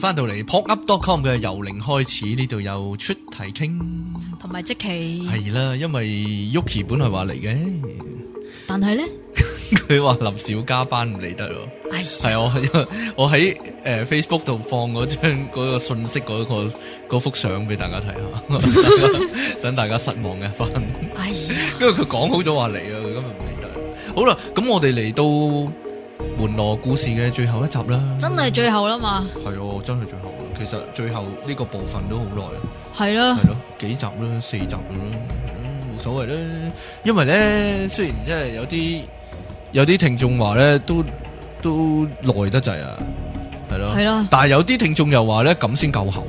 翻到嚟 p o p u p c o m 嘅由零開始呢度有出題傾，同埋即期係啦，因為 Yuki 本來話嚟嘅，但係咧佢話臨時加班唔嚟得咯，係、哎、喲我我喺誒 Facebook 度放嗰張嗰個信息嗰、嗰個嗰幅相俾大家睇下，大 等大家失望嘅一翻，哎喲因為佢講好咗話嚟啊，佢今日唔嚟得，好啦，咁我哋嚟到。門羅故事嘅最後一集啦，真係最後啦嘛？係哦，真係最後。其實最後呢個部分都好耐，係咯，係咯，幾集啦，四集噶啦，無所謂啦。因為咧，雖然即係有啲有啲聽眾話咧，都都耐得滯啊，係咯，係咯。但係有啲聽眾又話咧，咁先夠喉，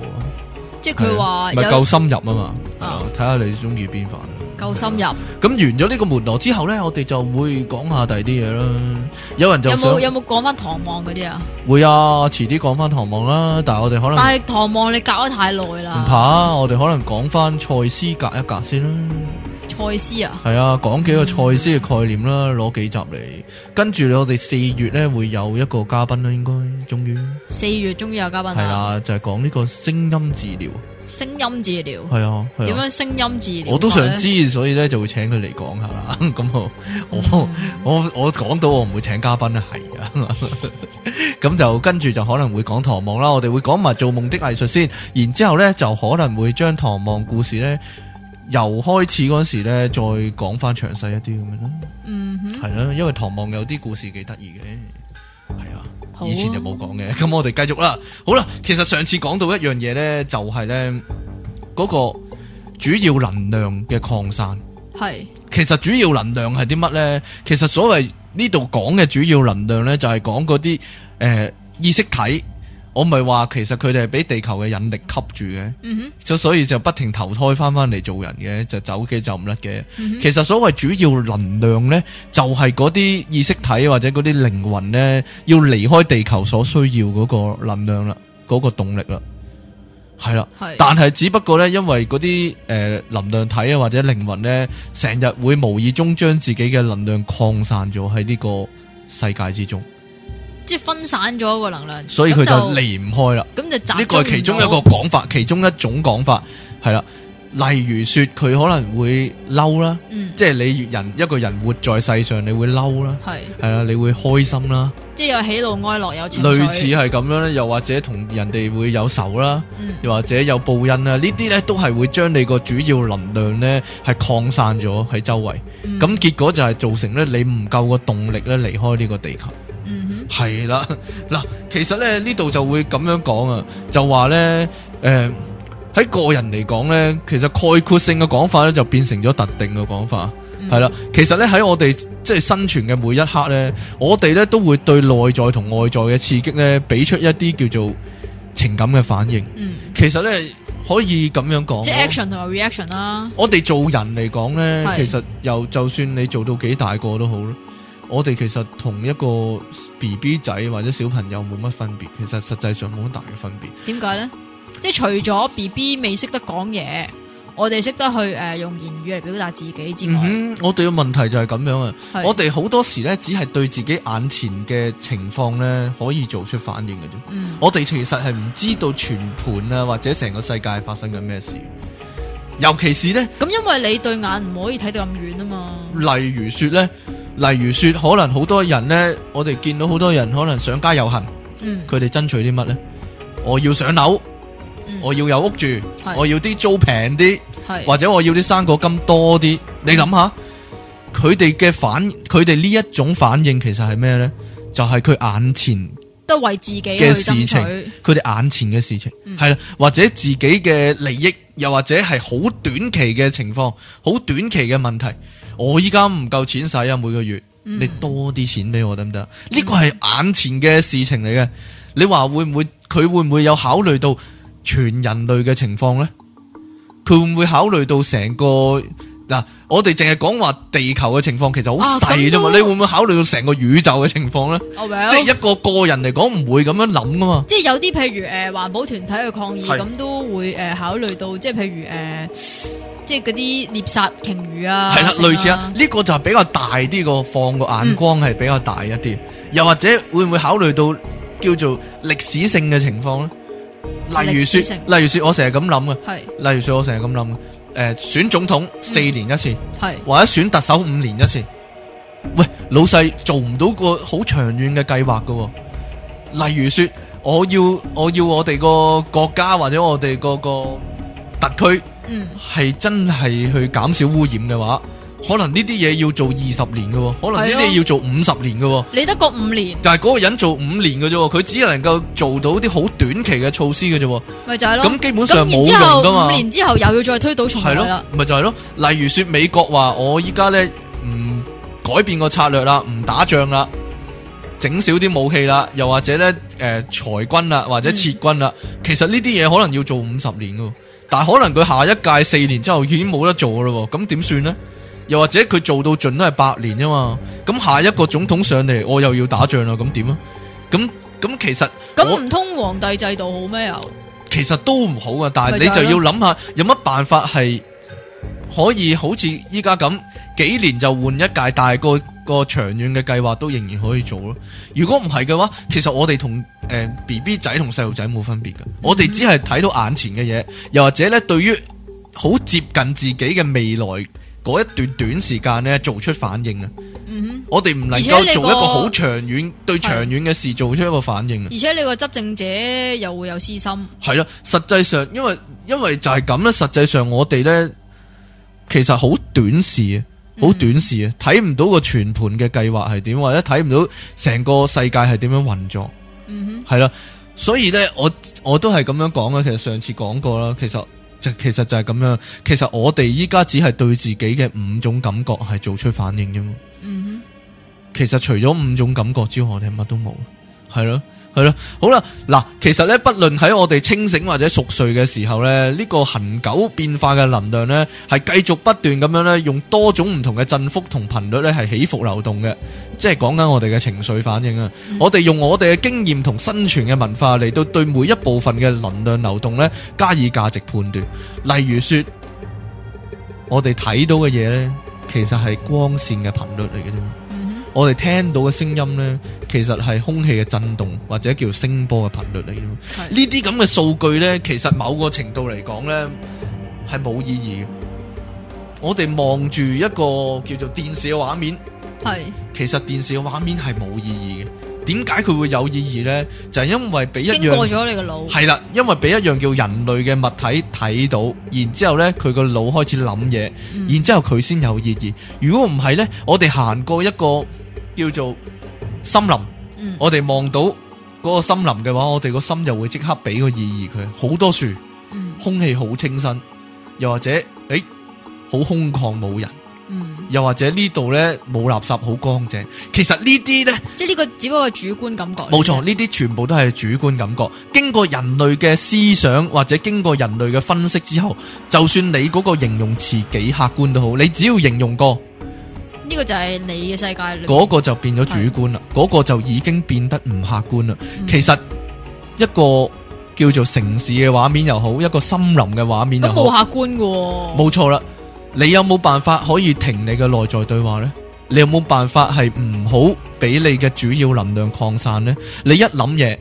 即係佢話唔係夠深入啊嘛，係啊，睇下你中意邊份。夠深入，咁、嗯、完咗呢個門羅之後咧，我哋就會講下第二啲嘢。啦有人就有冇有冇講翻唐望嗰啲啊？會啊，遲啲講翻唐望啦。但係我哋可能，但係唐望你隔咗太耐啦。唔怕，我哋可能講翻賽斯隔一隔先啦。賽斯啊，係啊，講幾個賽斯嘅概念啦，攞、嗯、幾集嚟。跟住我哋四月咧，會有一個嘉賓啦，應該終於四月終於有嘉賓係啦，就係講呢個聲音治療。聲音治療係啊，點、啊、樣聲音治療？我都想知，所以咧就會請佢嚟講下啦。咁 我、mm hmm. 我我講到我唔會請嘉賓啊，係啊。咁 就跟住就可能會講唐望啦，我哋會講埋做夢的藝術先，然之後咧就可能會將唐望故事咧由開始嗰時咧再講翻詳細一啲咁樣咯。嗯、mm，係、hmm. 啊，因為唐望有啲故事幾得意嘅。係啊，以前就冇講嘅，咁、啊、我哋繼續啦。好啦，其實上次講到一樣嘢呢，就係呢嗰個主要能量嘅擴散。係是，其實主要能量係啲乜呢？其實所謂呢度講嘅主要能量呢，就係講嗰啲誒意識體。我唔係話，其實佢哋係俾地球嘅引力吸住嘅，嗯、哼所以就不停投胎翻翻嚟做人嘅，就走嘅就唔甩嘅。嗯、哼其實所謂主要能量呢，就係嗰啲意識體或者嗰啲靈魂呢，要離開地球所需要嗰個能量啦，嗰、嗰個動力啦，係啦。的但係只不過呢，因為嗰啲誒能量體啊或者靈魂呢，成日會無意中將自己嘅能量擴散咗喺呢個世界之中。即分散咗個能量，所以佢就離唔開啦。咁就呢個係其中一個講法，其中一種講法係啦。例如說，佢可能會嬲啦，嗯、即係你人一個人活在世上，你會嬲啦，係係啦，你會開心啦，即係有喜怒哀樂有情。類似係咁樣咧，又或者同人哋會有仇啦，嗯、又或者有報恩啦，呢啲咧都係會將你個主要能量咧係擴散咗喺周圍，咁、嗯、結果就係造成咧你唔夠個動力咧離開呢個地球。係啦，嗱、mm hmm.，其實咧呢度就會咁樣講啊，就話咧，誒、呃，喺個人嚟講咧，其實概括性嘅講法咧就變成咗特定嘅講法，係啦、mm hmm.。其實咧喺我哋即係生存嘅每一刻咧，我哋咧都會對內在同外在嘅刺激咧，俾出一啲叫做情感嘅反應。嗯、mm，hmm. 其實咧可以咁樣講，即係 action 同 reaction 啦。Hmm. 我哋做人嚟講咧，mm hmm. 其實由就算你做到幾大個都好咯。我哋其實同一個 B B 仔或者小朋友冇乜分別，其實實際上冇乜大嘅分別。點解咧？即係除咗 B B 未識得講嘢，我哋識得去誒、呃、用言語嚟表達自己之外，嗯、我哋嘅問題就係咁樣啊！是我哋好多時咧，只係對自己眼前嘅情況咧可以做出反應嘅啫。嗯、我哋其實係唔知道全盤啊，或者成個世界發生緊咩事，尤其是咧咁，因為你對眼唔可以睇到咁遠啊嘛。例如說咧。例如說，可能好多人呢，我哋見到好多人可能上街遊行，嗯，佢哋爭取啲乜呢？我要上樓，嗯、我要有屋住，是我要啲租平啲，是或者我要啲生果金多啲。你諗下，佢哋嘅反，佢哋呢一種反應其實係咩呢？就係、是、佢眼前。都為自己嘅事情，佢哋眼前嘅事情係啦，嗯，或者自己嘅利益，又或者係好短期嘅情況，好短期嘅問題。我依家唔夠錢使啊，每個月、嗯、你多啲錢俾我得唔得？呢個係眼前嘅事情嚟嘅。你話會唔會佢會唔會有考慮到全人類嘅情況咧？佢會唔會考慮到成個？嗱，我哋淨係講話地球嘅情況，其實好細啫嘛。你會唔會考慮到成個宇宙嘅情況咧？即係一個個人嚟講，唔會咁樣諗噶嘛。即係有啲譬如誒環保團體嘅抗議，咁都會誒考慮到，即係譬如誒，即係嗰啲獵殺鯨魚啊，係啦，類似啊。呢個就係比較大啲個放個眼光，係比較大一啲。又或者會唔會考慮到叫做歷史性嘅情況咧？例如說，例如說我成日咁諗嘅，係，例如說我成日咁諗嘅。誒、呃，選總統四年一次，係、嗯、或者選特首五年一次。喂，老細做唔到個好長遠嘅計劃噶。例如說，我要我要我哋個國家或者我哋個個特區，嗯，係真係去減少污染嘅話。可能呢啲嘢要做二十年嘅、哦，可能呢啲嘢要做五十年嘅、哦。你、哦、得個五年，但係嗰個人做五年嘅啫，佢只能夠做到啲好短期嘅措施嘅啫。咪就係咯，咁基本上冇用噶嘛。五年之後又要再推倒重嚟啦，咪、哦、就係、是、咯。例如說美國話，我依家咧唔改變個策略啦，唔打仗啦，整少啲武器啦，又或者咧誒、呃、裁軍啦或者撤軍啦。嗯、其實呢啲嘢可能要做五十年嘅，但係可能佢下一屆四年之後已經冇得做啦，咁點算呢？又或者佢做到盡都係八年啫嘛，咁下一個總統上嚟，我又要打仗啦，咁點啊？咁咁其實咁唔通皇帝制度好咩？又其實都唔好噶，但係你就要諗下有乜辦法係可以好似依家咁幾年就換一屆，但係、嗰個、嗰個長遠嘅計劃都仍然可以做咯。如果唔係嘅話，其實我哋同誒、呃、B B 仔同細路仔冇分別噶，嗯、我哋只係睇到眼前嘅嘢，又或者咧，對於好接近自己嘅未來。嗰一段短時間咧，做出反應啊！嗯哼。我哋唔能夠做一個好長遠對長遠嘅事做出一個反應啊！而且你個執政者又會有私心，係啦。實際上，因為因為就係咁啦。實際上我，我哋呢其實好短視啊，好短視啊，嗯哼。睇唔到個全盤嘅計劃係點或者睇唔到成個世界係點樣運作。嗯哼，係啦，所以呢，我我都係咁樣講嘅。其實上次講過啦，其實。就其實就係咁樣，其實我哋依家只係對自己嘅五種感覺係做出反應啫嘛。嗯哼，其實除咗五種感覺之外，我哋乜都冇。係咯，係咯，好啦，嗱，其實咧不論喺我哋清醒或者熟睡嘅時候咧，呢個恆久變化嘅能量咧，係繼續不斷咁樣咧，用多種唔同嘅振幅同頻率咧，係起伏流動嘅，即係講緊我哋嘅情緒反應啊。嗯、我哋用我哋嘅經驗同生存嘅文化嚟到對，對每一部分嘅能量流動咧，加以價值判斷。例如說，我哋睇到嘅嘢咧，其實係光綫嘅頻率嚟嘅啫。我哋聽到嘅聲音呢，其實係空氣嘅震動或者叫聲波嘅頻率嚟。呢啲咁嘅數據呢，其實某個程度嚟講呢，係冇意義。我哋望住一個叫做電視嘅畫面，係是其實電視嘅畫面係冇意義嘅。點解佢會有意義呢？就係、是、因為俾一樣經過咗你嘅腦，係啦，因為俾一樣叫人類嘅物體睇到，然之後呢佢個腦開始諗嘢，然之後佢先有意義。如果唔係呢，我哋行過一個。叫做森林，嗯、我哋望到嗰個森林嘅話，我哋個心就會即刻俾個意義佢。好多樹，空氣好清新，又或者誒，好空曠冇人，嗯、又或者呢度咧冇垃圾，好乾淨。其實呢啲咧，即係呢個只不過主觀感覺。冇錯，呢啲全部都係主觀感覺。經過人類嘅思想或者經過人類嘅分析之後，就算你嗰個形容詞幾客觀都好，你只要形容過。呢個就係你嘅世界，嗰個就變咗主觀啦，嗰是的 個就已經變得唔客觀啦。嗯、其實一個叫做城市嘅畫面又好，一個森林嘅畫面又好，都冇客觀噶。冇錯啦，你有冇辦法可以停你嘅內在對話呢？你有冇辦法係唔好俾你嘅主要能量擴散呢？你一諗嘢，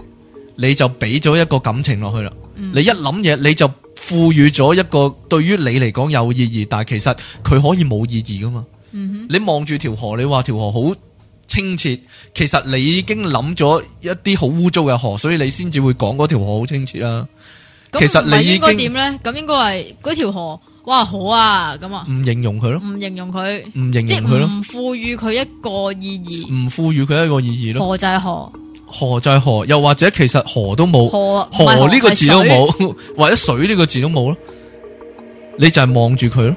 你就俾咗一個感情落去啦。嗯、你一諗嘢，你就賦予咗一個對於你嚟講有意義，但係其實佢可以冇意義噶嘛。Mm hmm. 你望住條河，你話條河好清澈，其實你已經諗咗一啲好污糟嘅河，所以你先至會講嗰條河好清澈啊。其實你應該點咧？咁應該係嗰條河，哇好啊，咁啊，唔形容佢咯，唔形容佢，唔形容佢咯，唔賦予佢一個意義，唔賦予佢一個意義咯。河就係河，河就係河，又或者其實河都冇河，河呢個字都冇，水，或者水呢個字都冇咯。你就係望住佢咯，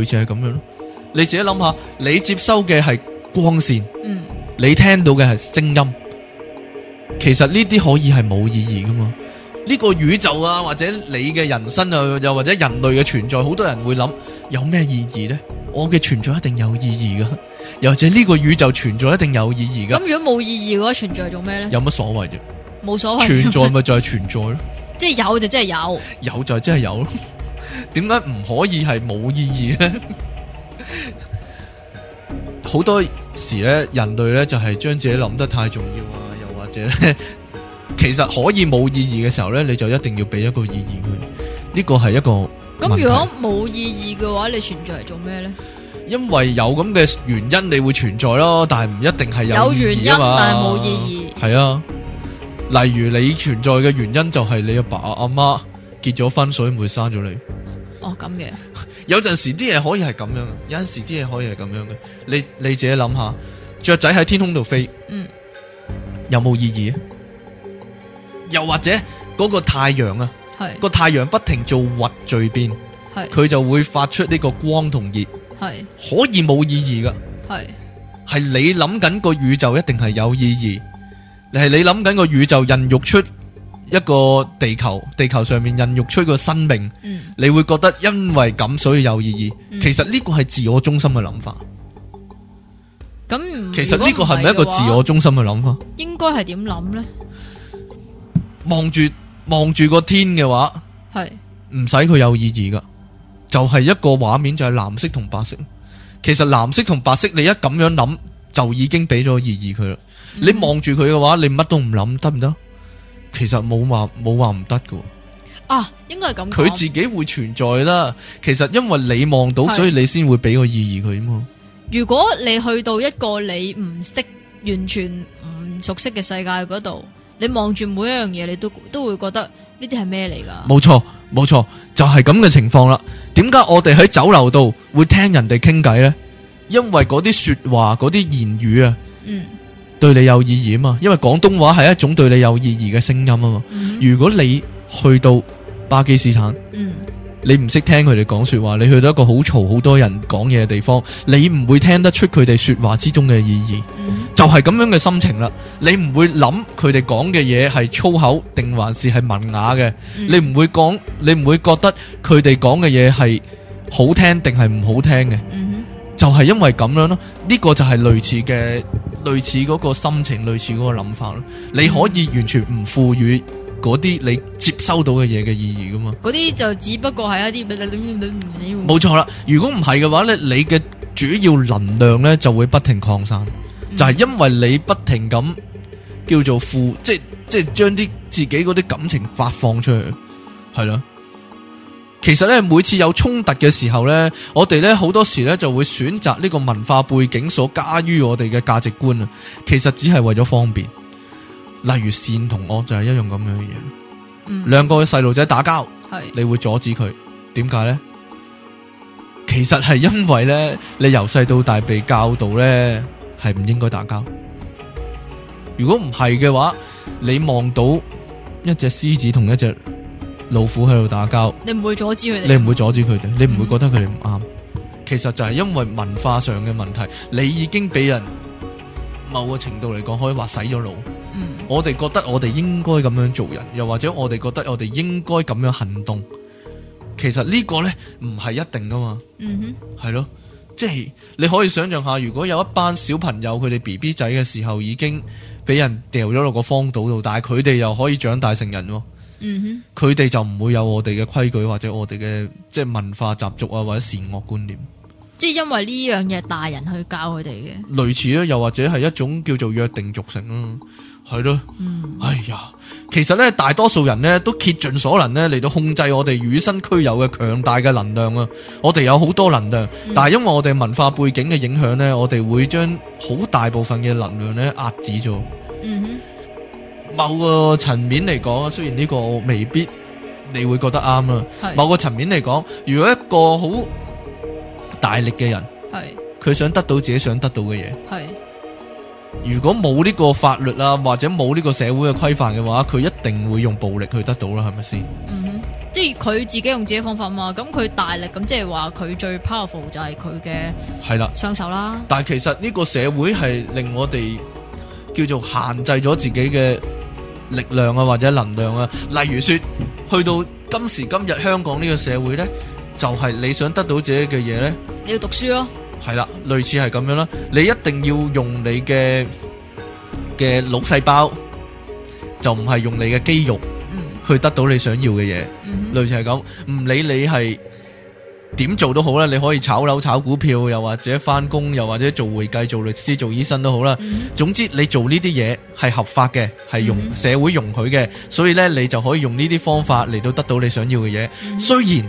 類似係咁樣咯。你自己諗下，你接收嘅係光線，嗯、你聽到嘅係聲音。其實呢啲可以係冇意義噶嘛？呢、呢個宇宙啊，或者你嘅人生啊，又或者人類嘅存在，好多人會諗有咩意義呢？我嘅存在一定有意義噶，又或者呢個宇宙存在一定有意義噶。咁如果冇意義嘅話，存在做咩呢？有乜所謂啫？冇所謂，存在咪就係存在咯。即係 有就真係有，有就真係有。點解唔可以係冇意義呢？ 好 多時咧，人類咧就係、是、將自己諗得太重要啊，又或者咧，其實可以冇意義嘅時候咧，你就一定要俾一個意義佢。呢個係一個。咁如果冇意義嘅話，你存在係做咩呢？因為有咁嘅原因，你會存在咯，但係唔一定係有，有原因，但係冇意義。係啊，例如你存在嘅原因就係你阿爸阿媽結咗婚，所以唔會生咗你。哦，咁嘅。有陣時啲嘢可以係咁樣嘅，有陣時啲嘢可以係咁樣嘅。你你自己諗下，雀仔喺天空度飛，嗯、有冇意義？又或者嗰個太陽啊，個係太陽不停做核聚變，佢係就會發出呢個光同熱，係可以冇意義噶。係係你諗緊個宇宙一定係有意義，係你諗緊個宇宙孕育出一個地球，地球上面孕育出個生命，嗯、你會覺得因為咁所以有意義。嗯、其實呢個係自我中心嘅諗法。咁、嗯，其實呢個係咪一個自我中心嘅諗法？應該係點諗呢？望住望住個天嘅話，係唔使佢有意義噶，就係、是、一個畫面，就係、是、藍色同白色。其實藍色同白色，你一咁樣諗就已經俾咗意義佢啦。嗯、你望住佢嘅話，你乜都唔諗得唔得？行其實冇話冇話唔得噶，啊，應該係咁。佢自己會存在啦。其實因為你望到，的所以你先會俾個意義佢。咁啊，如果你去到一個你唔識、完全唔熟悉嘅世界嗰度，你望住每一樣嘢，你都都會覺得呢啲係咩嚟噶？冇錯，冇錯，就係咁嘅情況啦。點解我哋喺酒樓度會聽人哋傾偈咧？因為嗰啲說話、嗰啲言語啊，嗯。對你有意義啊嘛？因為廣東話係一種對你有意義嘅聲音啊嘛。Mm hmm. 如果你去到巴基斯坦，mm hmm. 你唔識聽佢哋講說話，你去到一個好嘈、好多人講嘢嘅地方，你唔會聽得出佢哋說話之中嘅意義。Mm hmm. 就係咁樣嘅心情啦。你唔會諗佢哋講嘅嘢係粗口定還是係文雅嘅、mm hmm. 你唔會講，你唔會覺得佢哋講嘅嘢係好聽定係唔好聽嘅。Mm hmm. 就係因為咁樣咯。呢、這個就係類似嘅。類似嗰個心情，類似嗰個諗法咯。你可以完全唔賦予嗰啲你接收到嘅嘢嘅意義噶嘛？嗰啲就只不過係一啲，冇錯啦。如果唔係嘅話咧，你嘅主要能量咧就會不停擴散，嗯、就係因為你不停咁叫做賦，即係即係將啲自己嗰啲感情發放出去，係咯。其實咧，每次有衝突嘅時候咧，我哋咧好多時咧就會選擇呢個文化背景所加於我哋嘅價值觀啊。其實只係為咗方便，例如善同惡就係一樣咁樣嘅嘢。嗯，兩個細路仔打交，是你會阻止佢？點解呢？其實係因為咧，你由細到大被教導咧係唔應該打交。如果唔係嘅話，你望到一隻獅子同一隻老虎喺度打交，你唔會阻止佢哋，你唔會阻止佢哋，你唔會覺得佢哋唔啱。嗯、其實就係因為文化上嘅問題，你已經俾人某個程度嚟講，可以話洗咗腦。嗯、我哋覺得我哋應該咁樣做人，又或者我哋覺得我哋應該咁樣行動。其實呢個呢，唔係一定噶嘛。嗯哼，係咯，即係你可以想象下，如果有一班小朋友佢哋 B B 仔嘅時候已經俾人掉咗落個荒島度，但係佢哋又可以長大成人。嗯哼，佢哋就唔會有我哋嘅規矩或者我哋嘅即係文化習俗啊，或者善惡觀念，即係因為呢樣嘢大人去教佢哋嘅。類似咯，又或者係一種叫做約定俗成啦，係咯。嗯，哎呀，其實咧，大多數人咧都竭盡所能咧嚟到控制我哋與生俱有嘅強大嘅能量啊！我哋有好多能量，嗯、但係因為我哋文化背景嘅影響咧，我哋會將好大部分嘅能量咧壓止咗。嗯哼。某個層面嚟講，雖然呢個未必你會覺得啱啦。是某個層面嚟講，如果一個好大力嘅人，佢是想得到自己想得到嘅嘢，是如果冇呢個法律啦、啊，或者冇呢個社會嘅規範嘅話，佢一定會用暴力去得到啦，係咪先？嗯哼，即係佢自己用自己方法嘛。咁佢大力，咁即係話佢最 powerful 就係佢嘅雙手啦。但係其實呢個社會係令我哋叫做限制咗自己嘅。力量啊，或者能量啊，例如說，去到今時今日香港呢個社會咧，就係、是、你想得到自己嘅嘢咧，你要讀書咯、哦，係啦，類似係咁樣啦，你一定要用你嘅嘅腦細胞，就唔係用你嘅肌肉、嗯、去得到你想要嘅嘢，嗯、哼、類似係咁，唔理你係。點做都好啦，你可以炒樓、炒股票，又或者翻工，又或者做會計、做律師、做醫生都好啦。Mm hmm. 總之你做呢啲嘢係合法嘅，係容、mm hmm. 社會容許嘅，所以呢，你就可以用呢啲方法嚟到得到你想要嘅嘢。Mm hmm. 雖然、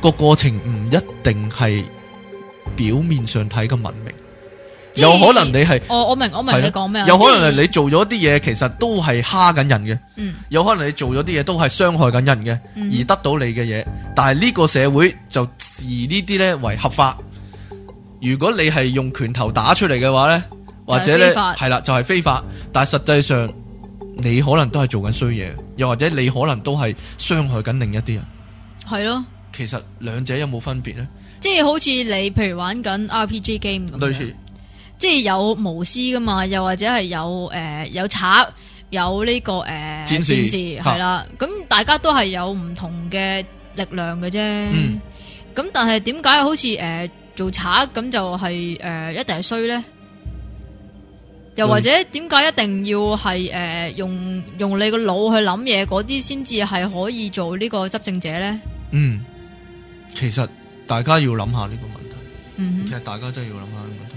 這個過程唔一定係表面上睇嘅文明。有可能你係，我我明我明你講咩。有可能係你做咗啲嘢，其實都係蝦緊人嘅。嗯。有可能你做咗啲嘢都係傷害緊人嘅，嗯，嗯、哼而得到你嘅嘢。但係呢個社會就以呢啲呢為合法。如果你係用拳頭打出嚟嘅話呢，或者呢，係啦，就係、是、非法。但係實際上你可能都係做緊衰嘢，又或者你可能都係傷害緊另一啲人。係咯的。其實兩者有冇分別呢？即係好似你譬如玩緊 RPG game 咁類似。即係有巫師㗎嘛，又或者係有誒、呃、有賊有呢、這個誒、呃、戰士係啦，咁士法大家都係有唔同嘅力量嘅啫。咁、嗯、但係點解好似誒、呃、做賊咁就係、是、誒、呃、一定係衰咧？又或者點解一定要係誒、呃、用用你個腦去諗嘢嗰啲先至係可以做呢個執政者咧？嗯，其實大家要諗下呢個問題。嗯、哼其實大家真係要諗下呢個問題。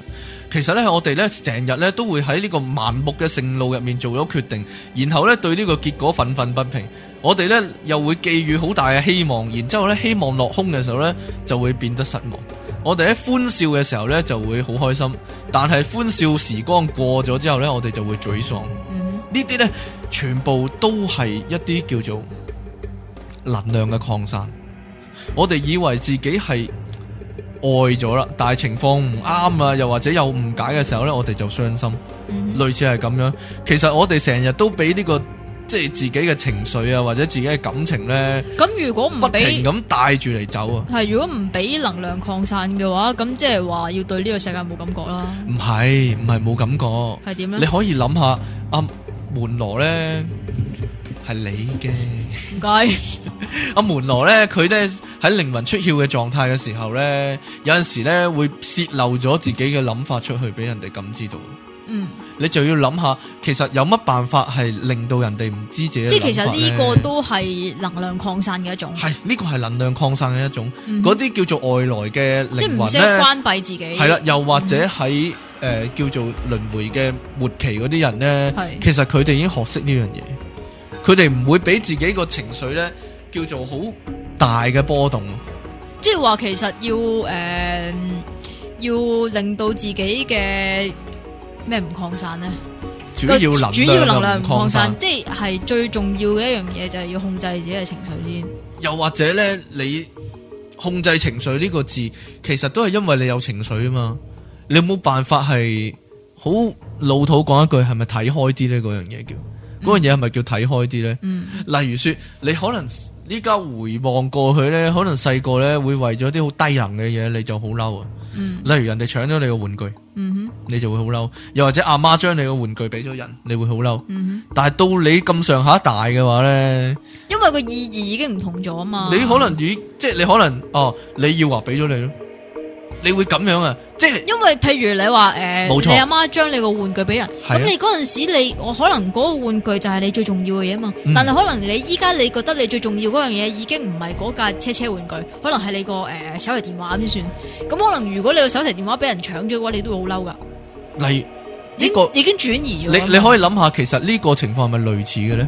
其實咧，我哋咧成日咧都會喺呢個盲目嘅盛怒入面做咗決定，然後咧對呢個結果憤憤不平。我哋咧又會寄予好大嘅希望，然之後咧希望落空嘅時候咧就會變得失望。我哋喺歡笑嘅時候咧就會好開心，但係歡笑時光過咗之後咧，我哋就會沮喪。嗯、哼呢啲咧全部都係一啲叫做能量嘅擴散。我哋以為自己係。愛咗啦，但係情況唔啱啊，又或者有誤解嘅時候咧，我哋就傷心，嗯哼，類似係咁樣。其實我哋成日都俾呢個即係自己嘅情緒啊，或者自己嘅感情咧，咁如果唔俾咁帶住嚟走啊，係如果唔俾能量擴散嘅話，咁即係話要對呢個世界冇感覺啦。唔係唔係冇感覺，係點樣？你可以諗下阿門羅咧。係你嘅唔該，阿門羅咧，佢咧喺靈魂出竅嘅狀態嘅時候咧，有陣時咧會泄漏咗自己嘅諗法出去俾人哋感知到。嗯，你就要諗下，其實有乜辦法係令到人哋唔知自己？即係其實呢個都係能量擴散嘅一種。係呢、這個係能量擴散嘅一種，嗰啲、嗯、哼叫做外來嘅靈魂咧，即唔識，關閉自己。係啦、嗯，又或者喺誒、呃、叫做輪回嘅末期嗰啲人咧，嗯、哼其實佢哋已經學識呢樣嘢。佢哋唔會俾自己個情緒咧，叫做好大嘅波動。即係話，其實要誒、呃，要令到自己嘅咩唔擴散咧？主要能量唔擴散，散即係係最重要嘅一樣嘢，就係要控制自己嘅情緒先。又或者咧，你控制情緒呢個字，其實都係因為你有情緒啊嘛。你有冇辦法係好老土講一句，係咪睇開啲呢？嗰樣嘢叫。嗰樣嘢係咪叫睇開啲咧？ 嗯、例如說，你可能依家回望過去咧，可能細個咧會為咗啲好低能嘅嘢，你就好嬲啊。嗯、例如人哋搶咗你個玩具，嗯、哼你就會好嬲。又或者阿媽將你個玩具俾咗人，你會好嬲。嗯、哼但係到你咁上下大嘅話咧，因為個意義已經唔同咗啊嘛。你可能以即係你可能哦，你要話俾咗你咯。你會咁樣啊？即係因為譬如你話誒，呃、錯你阿媽將你個玩具俾人，咁、啊、你嗰陣時你，我可能嗰個玩具就係你最重要嘅嘢，啊嘛。嗯、但係可能你依家你覺得你最重要嗰樣嘢已經唔係嗰架車車玩具，可能係你個誒、呃、手提電話先算。咁可能如果你個手提電話俾人搶咗嘅話，你都會好嬲噶。例如呢個已經轉、這個、移咗你，你你可以諗下，其實呢個情況係咪類似嘅咧？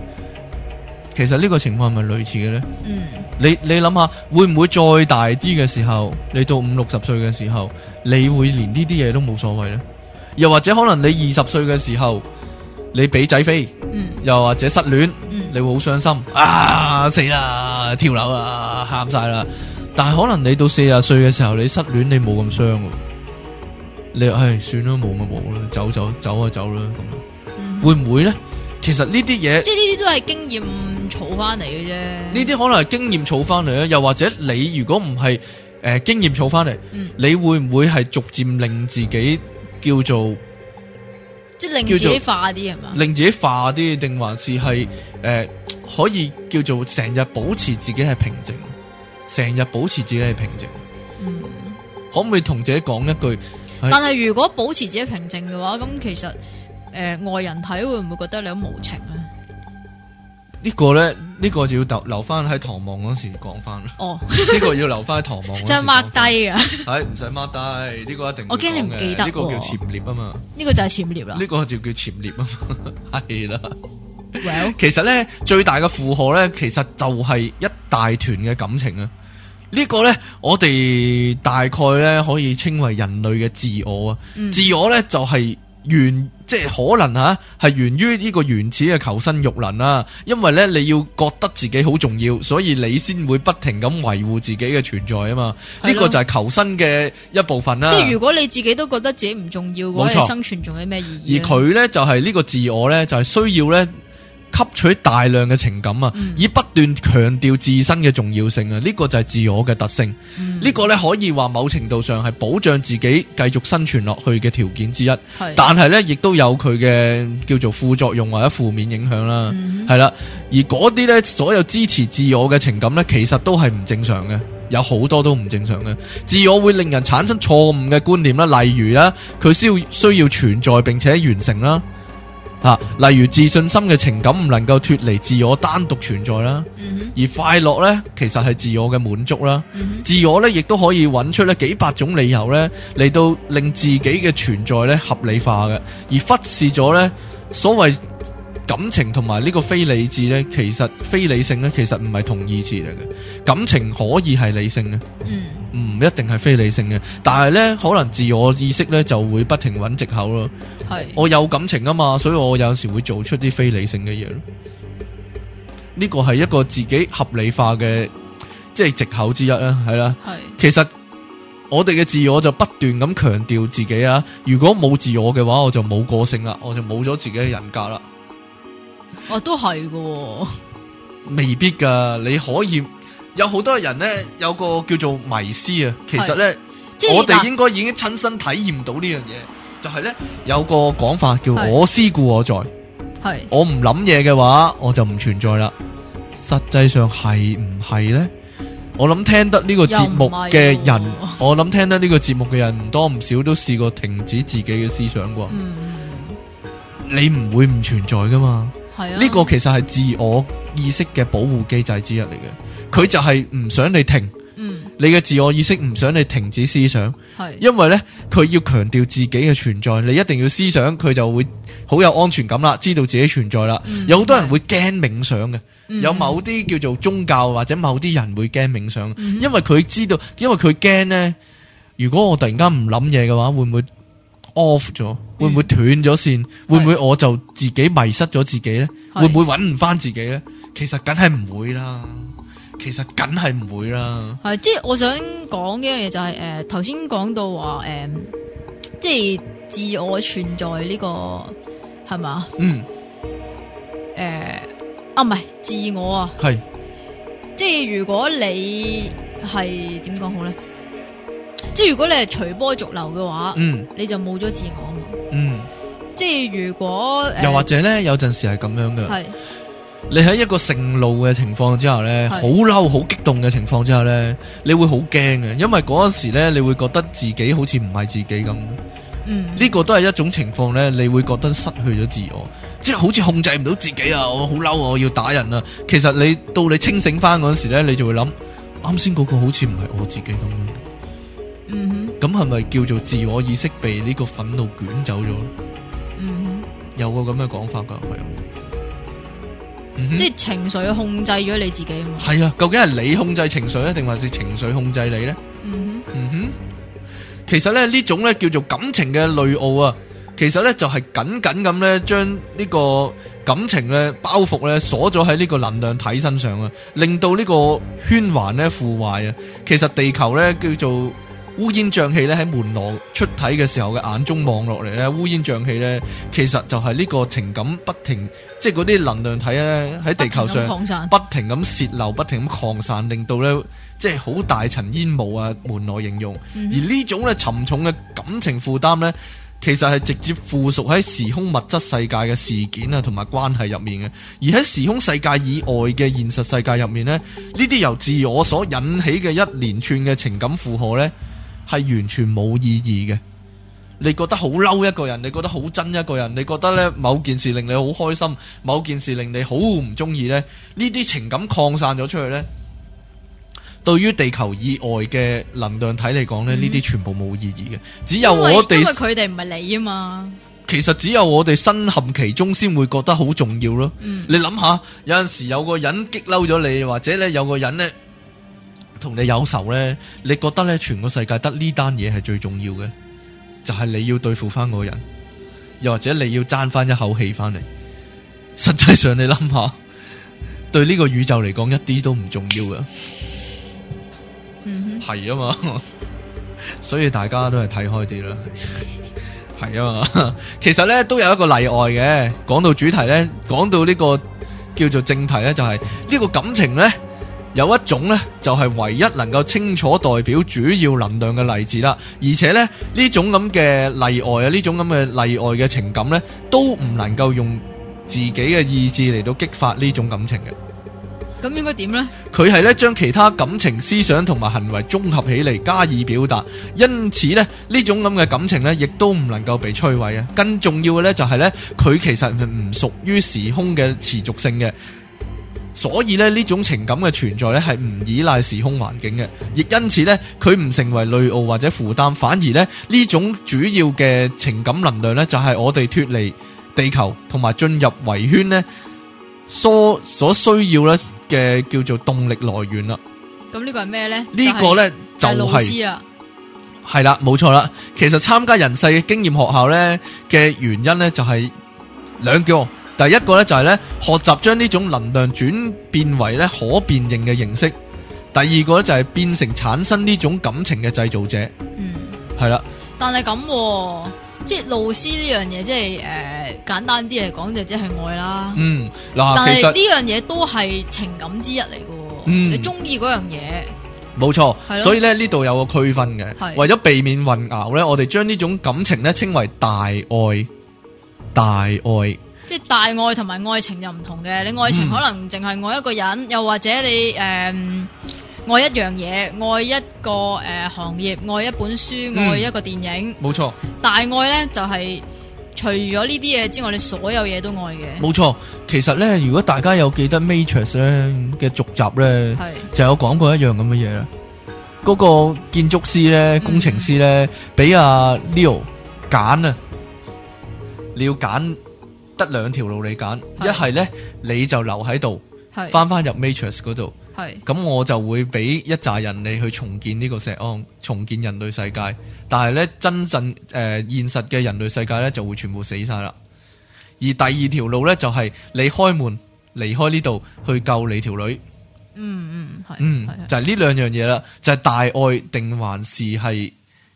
其實呢個情況係咪類似嘅呢？嗯，你你諗下，會唔會再大啲嘅時候，你到五六十歲嘅時候，你會連呢啲嘢都冇所謂呢？又或者可能你二十歲嘅時候，你俾仔飛，嗯，又或者失戀，嗯，你會好傷心啊！死啦，跳樓啦，喊晒啦！但係可能你到四十歲嘅時候，你失戀你冇咁傷啊，你唉，算啦，冇咪冇啦，走走走啊走啦咁，嗯，會唔會呢？其實呢啲嘢，即係呢啲都係經驗儲翻嚟嘅啫。呢啲可能係經驗儲翻嚟咧，又或者你如果唔係誒經驗儲翻嚟，嗯、你會唔會係逐漸令自己叫做即係令自己化啲係嘛？做令自己化啲，定吧還是係誒、呃、可以叫做成日保持自己係平靜，成日保持自己係平靜。嗯，可唔可以同自己講一句？但係如果保持自己平靜嘅話，咁其實。誒、呃，外人睇會唔會覺得你好無情咧？個呢個咧，呢、嗯、個就要留留翻喺唐望嗰時講翻啦。哦，呢 個要留翻喺唐望。就抹低噶。係唔使抹低，呢、這個一定。我驚你唔記得。呢個叫潛獵啊嘛。呢個就係潛獵啦。呢個就叫潛獵啊嘛。係 啦了。Well，其實咧最大嘅負荷咧，其實就係一大團嘅感情啊。這個、呢個咧，我哋大概咧可以稱為人類嘅自我啊。嗯、自我咧就係、是、完。即係可能吓、啊，係源於呢個原始嘅求生欲能啦、啊，因為咧你要覺得自己好重要，所以你先會不停咁維護自己嘅存在啊嘛。呢個就係求生嘅一部分啦、啊。即係如果你自己都覺得自己唔重要嘅話，冇錯，你生存仲有咩意義呢？而佢咧就係、是、呢個自我咧，就係、是、需要咧。吸取大量嘅情感啊，嗯、以不斷強調自身嘅重要性啊，呢個就係自我嘅特性。嗯、呢個呢，可以話某程度上係保障自己繼續生存落去嘅條件之一。是但係呢，亦都有佢嘅叫做副作用或者負面影響啦。係啦、嗯，而嗰啲呢，所有支持自我嘅情感呢，其實都係唔正常嘅，有好多都唔正常嘅。自我會令人產生錯誤嘅觀念啦，例如呢，佢需要需要存在並且完成啦。啊，例如自信心嘅情感唔能夠脫離自我單獨存在啦，而快樂呢，其實係自我嘅滿足啦，自我呢，亦都可以揾出呢幾百種理由呢嚟到令自己嘅存在呢合理化嘅，而忽視咗呢所謂。感情同埋呢個非理智呢，其實非理性呢，其實唔係同義詞嚟嘅。感情可以係理性嘅，嗯、唔一定係非理性嘅。但係呢，可能自我意識呢，就會不停揾借口咯。是我有感情啊嘛，所以我有時會做出啲非理性嘅嘢咯。呢、這個係一個自己合理化嘅，即係借口之一啦，係啦是。其實我哋嘅自我就不斷咁強調自己啊。如果冇自我嘅話，我就冇個性啦，我就冇咗自己嘅人格啦。啊、哦，都係噶，未必噶。你可以有好多人呢，有個叫做迷思啊。其實呢，的我哋應該已經親身體驗到呢樣嘢，就係、是、呢，有個講法叫的我思故我在。係的我唔諗嘢嘅話，我就唔存在啦。實際上係唔係呢？我諗聽得呢個節目嘅人，哦、我諗聽得呢個節目嘅人唔多唔少都試過停止自己嘅思想過。嗯、你唔會唔存在噶嘛？呢個其實係自我意識嘅保護機制之一嚟嘅，佢就係唔想你停，嗯，你嘅自我意識唔想你停止思想，係、嗯，因為呢，佢要強調自己嘅存在，你一定要思想，佢就會好有安全感啦，知道自己存在啦。嗯、有好多人會驚冥想嘅，嗯、有某啲叫做宗教或者某啲人會驚冥想，嗯、因為佢知道，因為佢驚呢。如果我突然間唔諗嘢嘅話，會唔會？off 咗會唔會斷咗線？嗯、會唔會我就自己迷失咗自己咧？是會唔會揾唔翻自己咧？其實梗係唔會啦，其實梗係唔會啦。係即係我想講嘅一樣嘢就係、是、誒，頭先講到話誒、呃，即係自我存在呢、這個係咪？嗯，誒、呃，啊唔係自我啊，係是，即係如果你係點講好咧？即係如果你係隨波逐流嘅話，嗯、你就冇咗自我啊嘛。嗯，即係如果又或者咧，有陣時係咁樣嘅。係是你喺一個盛怒嘅情況之下咧，好嬲是、好激動嘅情況之下咧，你會好驚嘅，因為嗰陣時咧，你會覺得自己好似唔係自己咁。嗯，呢個都係一種情況咧，你會覺得失去咗自我，即、就、係、是、好似控制唔到自己啊！我好嬲，我要打人啊！其實你到你清醒翻嗰陣時咧，你就會諗，啱先嗰個好似唔係我自己咁樣。咁係咪叫做自我意識被呢個憤怒捲走咗？嗯哼，有個咁嘅講法噶，係啊，即係情緒控制咗你自己啊。係啊，究竟係你控制情緒啊，定還是情緒控制你咧？嗯哼，嗯哼，其實咧，呢種咧叫做感情嘅內奧啊，其實咧就係緊緊咁咧將呢個感情咧包袱咧鎖咗喺呢個能量體身上啊，令到呢個圈環咧腐壞啊。其實地球咧叫做。烏煙瘴氣咧，喺門羅出體嘅時候嘅眼中望落嚟咧，烏煙瘴氣咧，其實就係呢個情感不停，即係嗰啲能量體咧喺地球上不停咁洩漏，不停咁擴散，令到咧即係好大層煙霧啊，門羅形容。而呢種咧沉重嘅感情負擔咧，其實係直接附屬喺時空物質世界嘅事件啊，同埋關係入面嘅。而喺時空世界以外嘅現實世界入面咧，呢啲由自我所引起嘅一連串嘅情感負荷咧。係完全冇意義嘅。你覺得好嬲一個人，你覺得好憎一個人，你覺得咧某件事令你好開心，某件事令你好唔中意咧，呢啲情感擴散咗出去呢？對於地球以外嘅能量體嚟講咧，呢啲、嗯、全部冇意義嘅。只有我哋，因為佢哋唔係你啊嘛。其實只有我哋身陷其中先會覺得好重要咯。嗯，你諗下，有陣時有個人激嬲咗你，或者咧有個人咧。同你有仇呢，你覺得呢，全個世界得呢單嘢係最重要嘅，就係、是、你要對付翻個人，又或者你要爭翻一口氣翻嚟。實際上你諗下，對呢個宇宙嚟講，一啲都唔重要嘅，嗯哼，係啊嘛，所以大家都係睇開啲啦，係啊嘛，其實呢，都有一個例外嘅。講到主題呢，講到呢、這個叫做正題呢，就係、是、呢、這個感情呢。有一種呢，就係唯一能夠清楚代表主要能量嘅例子啦。而且呢，呢種咁嘅例外啊，呢種咁嘅例外嘅情感呢，都唔能夠用自己嘅意志嚟到激發呢種感情嘅。咁應該點呢？佢係咧，將其他感情、思想同埋行為綜合起嚟加以表達，因此呢，呢種咁嘅感情呢，亦都唔能夠被摧毀啊。更重要嘅呢，就係呢，佢其實係唔屬於時空嘅持續性嘅。所以咧，呢種情感嘅存在咧，係唔依賴時空環境嘅，亦因此咧，佢唔成為累贅或者負擔，反而咧，呢種主要嘅情感能量咧，就係、是、我哋脫離地球同埋進入圍圈咧，所所需要咧嘅叫做動力來源啦。咁呢個係咩咧？呢個咧就係係啦，冇錯啦。其實參加人世嘅經驗學校咧嘅原因咧，就係兩個。第一個咧就係咧學習將呢種能量轉變為咧可辨認嘅形式。第二個咧就係變成產生呢種感情嘅製造者。嗯，係啦的。但係咁、啊，即係老師呢樣嘢，即係誒簡單啲嚟講就即係愛啦。嗯，嗱、啊，但係呢樣嘢都係情感之一嚟嘅。嗯、你中意嗰樣嘢，冇錯錯。的所以咧呢度有個區分嘅。係的為咗避免混淆咧，我哋將呢種感情咧稱為大愛，大愛。大愛。即係大愛同埋愛情又唔同嘅，你愛情可能淨係愛一個人，又或者你誒愛一樣嘢，愛一個誒行業，愛一本書，愛一個電影。冇錯。大愛咧就係除咗呢啲嘢之外，你所有嘢都愛嘅。冇錯。其實咧，如果大家有記得 Matrix 咧嘅續集咧，就有講過一樣咁嘅嘢啦。嗰個建築師咧，工程師咧，俾阿 Leo 揀啊，你要揀。得兩條路你揀，一係呢，你就留喺度，翻翻是入 Matrix 嗰度是，咁我就會俾一紮人你去重建呢個錫安，重建人類世界。但係呢，真正誒、呃、現實嘅人類世界呢，就會全部死晒啦。而第二條路呢，就係、是、你開門離開呢度去救你條女嗯。嗯嗯係，嗯就係呢兩樣嘢啦，就係、是就是、大愛定還是係。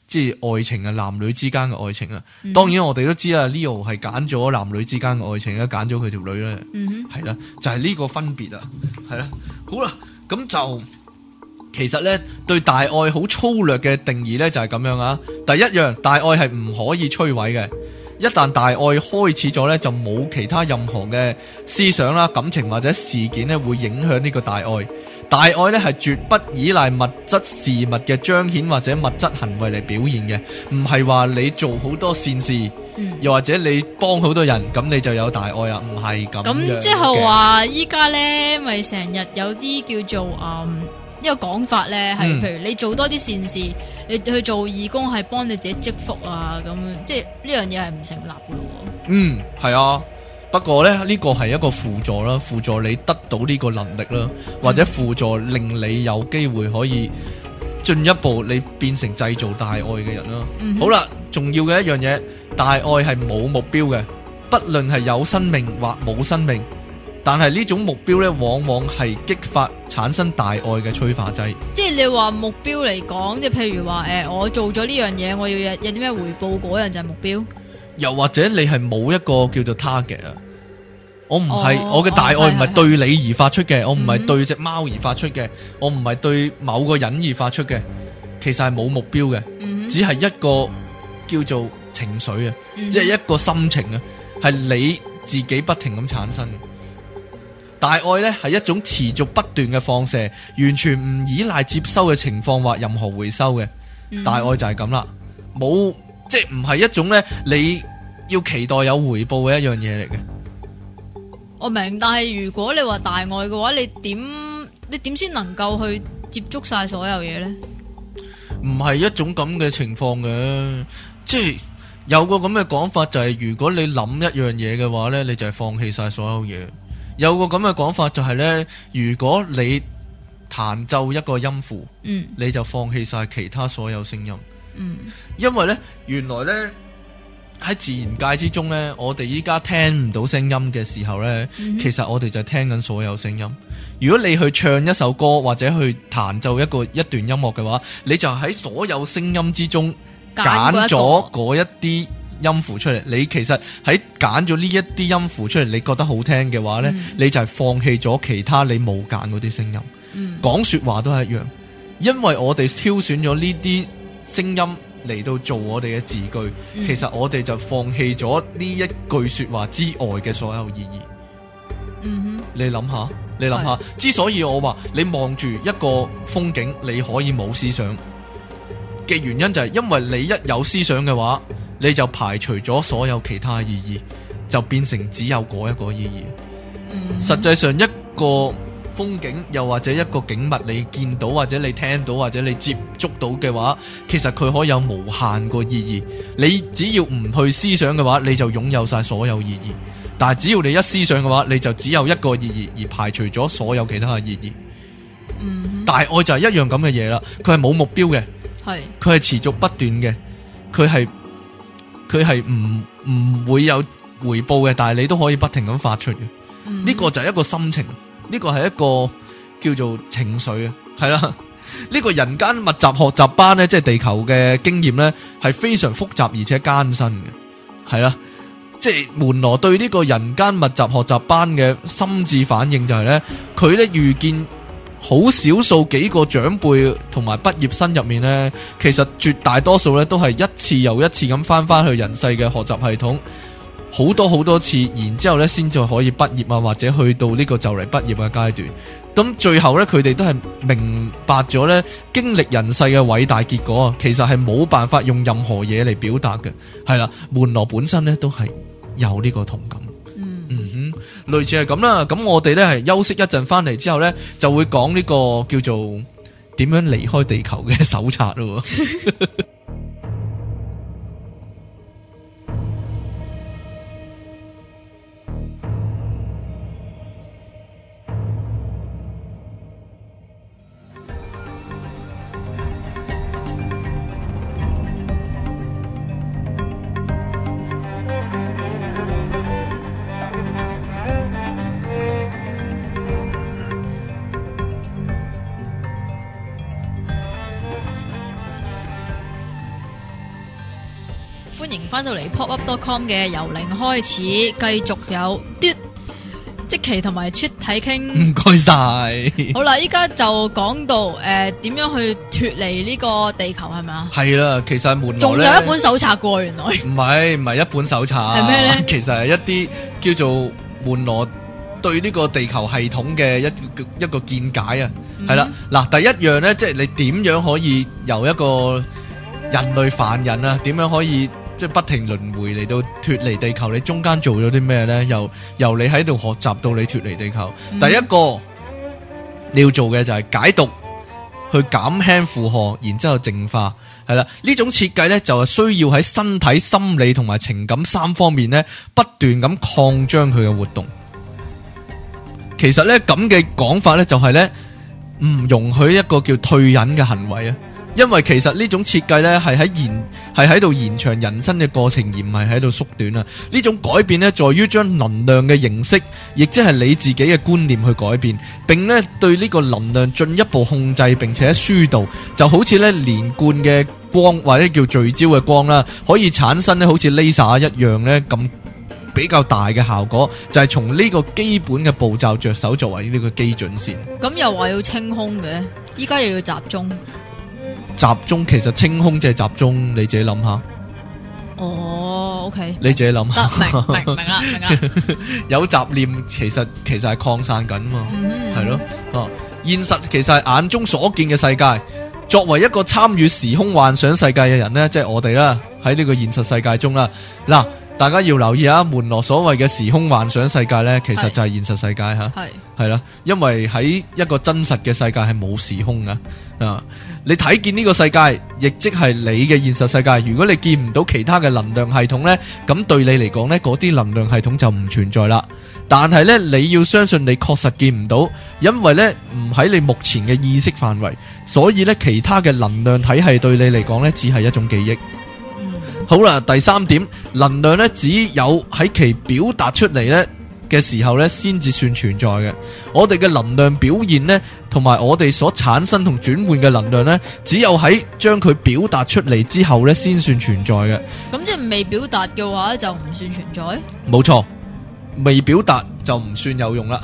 即係愛情啊，男女之間嘅愛情啊，嗯哼，當然我哋都知啊，Leo 係揀咗男女之間嘅愛情啦，揀咗佢條女咧，係啦，嗯哼，就係呢個分別啊，係啦，好啦，咁就其實咧對大愛好粗略嘅定義咧就係咁樣啊，第一樣大愛係唔可以摧毀嘅。一旦大愛開始咗呢，就冇其他任何嘅思想啦、感情或者事件呢，會影響呢個大愛。大愛呢係絕不依賴物質事物嘅彰顯或者物質行為嚟表現嘅，唔係話你做好多善事，嗯、又或者你幫好多人，咁你就有大愛、嗯、啊？唔係咁嘅。咁之後話依家呢咪成日有啲叫做啊。嗯一個講法呢，係、嗯，譬如你做多啲善事，你去做義工係幫你自己積福啊，咁即係呢樣嘢係唔成立噶咯？嗯，係啊。不過呢，呢個係一個輔助啦，輔助你得到呢個能力啦，或者輔助令你有機會可以進一步，你變成製造大愛嘅人啦。嗯、哼好啦，重要嘅一樣嘢，大愛係冇目標嘅，不論係有生命或冇生命。但係呢種目標咧，往往係激發產生大愛嘅催化劑。即係你話目標嚟講，即係譬如話誒、欸，我做咗呢樣嘢，我要有有啲咩回報嗰樣就係目標。又或者你係冇一個叫做 target 啊？我唔係、oh, 我嘅大愛唔係對你而發出嘅，oh, 我唔係對隻貓而發出嘅，uh huh. 我唔係對某個人而發出嘅，其實係冇目標嘅，uh huh. 只係一個叫做情緒啊，即係、uh huh. 一個心情啊，係、uh huh. 你自己不停咁產生。大愛咧係一種持續不斷嘅放射，完全唔依賴接收嘅情況或任何回收嘅，嗯、大愛就係咁啦，冇即係唔係一種咧你要期待有回報嘅一樣嘢嚟嘅。我明，但係如果你話大愛嘅話，你點你點先能夠去接觸晒所有嘢呢？唔係一種咁嘅情況嘅，即係有個咁嘅講法就係、是，如果你諗一樣嘢嘅話呢，你就係放棄晒所有嘢。有個咁嘅講法就係呢：如果你彈奏一個音符，嗯，你就放棄晒其他所有聲音，嗯，因為呢，原來呢，喺自然界之中呢，我哋依家聽唔到聲音嘅時候呢，嗯哼，其實我哋就聽緊所有聲音。如果你去唱一首歌或者去彈奏一個一段音樂嘅話，你就喺所有聲音之中揀咗嗰一啲音符出嚟，你其實喺揀咗呢一啲音符出嚟，你覺得好聽嘅話呢，嗯、你就係放棄咗其他你冇揀嗰啲聲音。講、嗯、說話都係一樣，因為我哋挑選咗呢啲聲音嚟到做我哋嘅字句，嗯、其實我哋就放棄咗呢一句說話之外嘅所有意義。嗯哼，你諗下，你諗下，是之所以我話你望住一個風景，你可以冇思想嘅原因，就係因為你一有思想嘅話。你就排除咗所有其他意義，就變成只有嗰一個意義。Mm hmm. 實際上，一個風景又或者一個景物，你見到或者你聽到或者你接觸到嘅話，其實佢可以有無限個意義。你只要唔去思想嘅話，你就擁有晒所有意義。但係只要你一思想嘅話，你就只有一個意義，而排除咗所有其他嘅意義。嗯、mm，hmm. 大愛就係一樣咁嘅嘢啦，佢係冇目標嘅，佢係是持續不斷嘅，佢係。佢係唔唔會有回報嘅，但係你都可以不停咁發出嘅。呢、嗯、個就係一個心情，呢、這個係一個叫做情緒啊，係啦。呢、這個人間密集學習班呢即係地球嘅經驗呢係非常複雜而且艱辛嘅，係啦。即係門羅對呢個人間密集學習班嘅心智反應就係、是、呢：佢呢，遇見。好少數幾個長輩同埋畢業生入面呢，其實絕大多數呢都係一次又一次咁翻翻去人世嘅學習系統好多好多次，然之後呢先至可以畢業啊，或者去到呢個就嚟畢業嘅階段。咁最後呢，佢哋都係明白咗呢，經歷人世嘅偉大結果，其實係冇辦法用任何嘢嚟表達嘅。係啦，門羅本身呢都係有呢個同感。類似係咁啦，咁我哋咧係休息一陣，翻嚟之後咧就會講呢個叫做點樣離開地球嘅手冊咯，啊。 翻到嚟 popup.com 嘅由零開始，繼續有 dude 即其同埋出睇傾，唔該晒。好啦，依家就講到誒，點樣去脫離呢個地球係咪啊？係啦，其實門羅。仲有一本手冊噶，原來。唔係唔係一本手冊。係咩咧？其實係一啲叫做門羅對呢個地球系統嘅一一個見解啊。係啦，嗱，第一樣咧，即係你點樣可以由一個人類凡人啊，點樣可以？即係不停輪迴嚟到脫離地球，你中間做咗啲咩呢？由由你喺度學習到你脫離地球，第一個你要做嘅就係解毒，去減輕負荷，然之後淨化，係啦。呢種設計呢就係需要喺身體、心理同埋情感三方面呢不斷咁擴張佢嘅活動。其實呢咁嘅講法呢就係呢唔容許一個叫退隱嘅行為啊！因為其實呢種設計咧，係喺延係喺度延長人生嘅過程而，而唔係喺度縮短啊！呢種改變呢，在於將能量嘅形式，亦即係你自己嘅觀念去改變，並咧對呢個能量進一步控制，並且疏導，就好似咧連貫嘅光或者叫聚焦嘅光啦，可以產生咧好似 Laser 一樣咧咁比較大嘅效果。就係從呢個基本嘅步驟着手，作為呢個基準線。咁又話要清空嘅，依家又要集中。集中其實清空即係集中，你自己諗下。哦、oh，OK，你自己諗下，明明明啦，明啦。明明 有雜念其實其實係擴散緊嘛，係咯、mm，哦、hmm. 啊，現實其實係眼中所見嘅世界。作為一個參與時空幻想世界嘅人呢，即係我哋啦，喺呢個現實世界中啦，嗱、啊。大家要留意啊，門羅所謂嘅時空幻想世界咧，其實就係現實世界嚇。係，係啦，因為喺一個真實嘅世界係冇時空噶。啊，你睇見呢個世界，亦即係你嘅現實世界。如果你見唔到其他嘅能量系統咧，咁對你嚟講咧，嗰啲能量系統就唔存在啦。但係咧，你要相信你確實見唔到，因為咧，唔喺你目前嘅意識範圍，所以咧，其他嘅能量體系對你嚟講咧，只係一種記憶。好啦，第三點，能量咧只有喺其表達出嚟咧嘅時候咧，先至算存在嘅。我哋嘅能量表現咧，同埋我哋所產生同轉換嘅能量咧，只有喺將佢表達出嚟之後咧，先算存在嘅。咁即係未表達嘅話，就唔算存在？冇錯，未表達就唔算有用啦。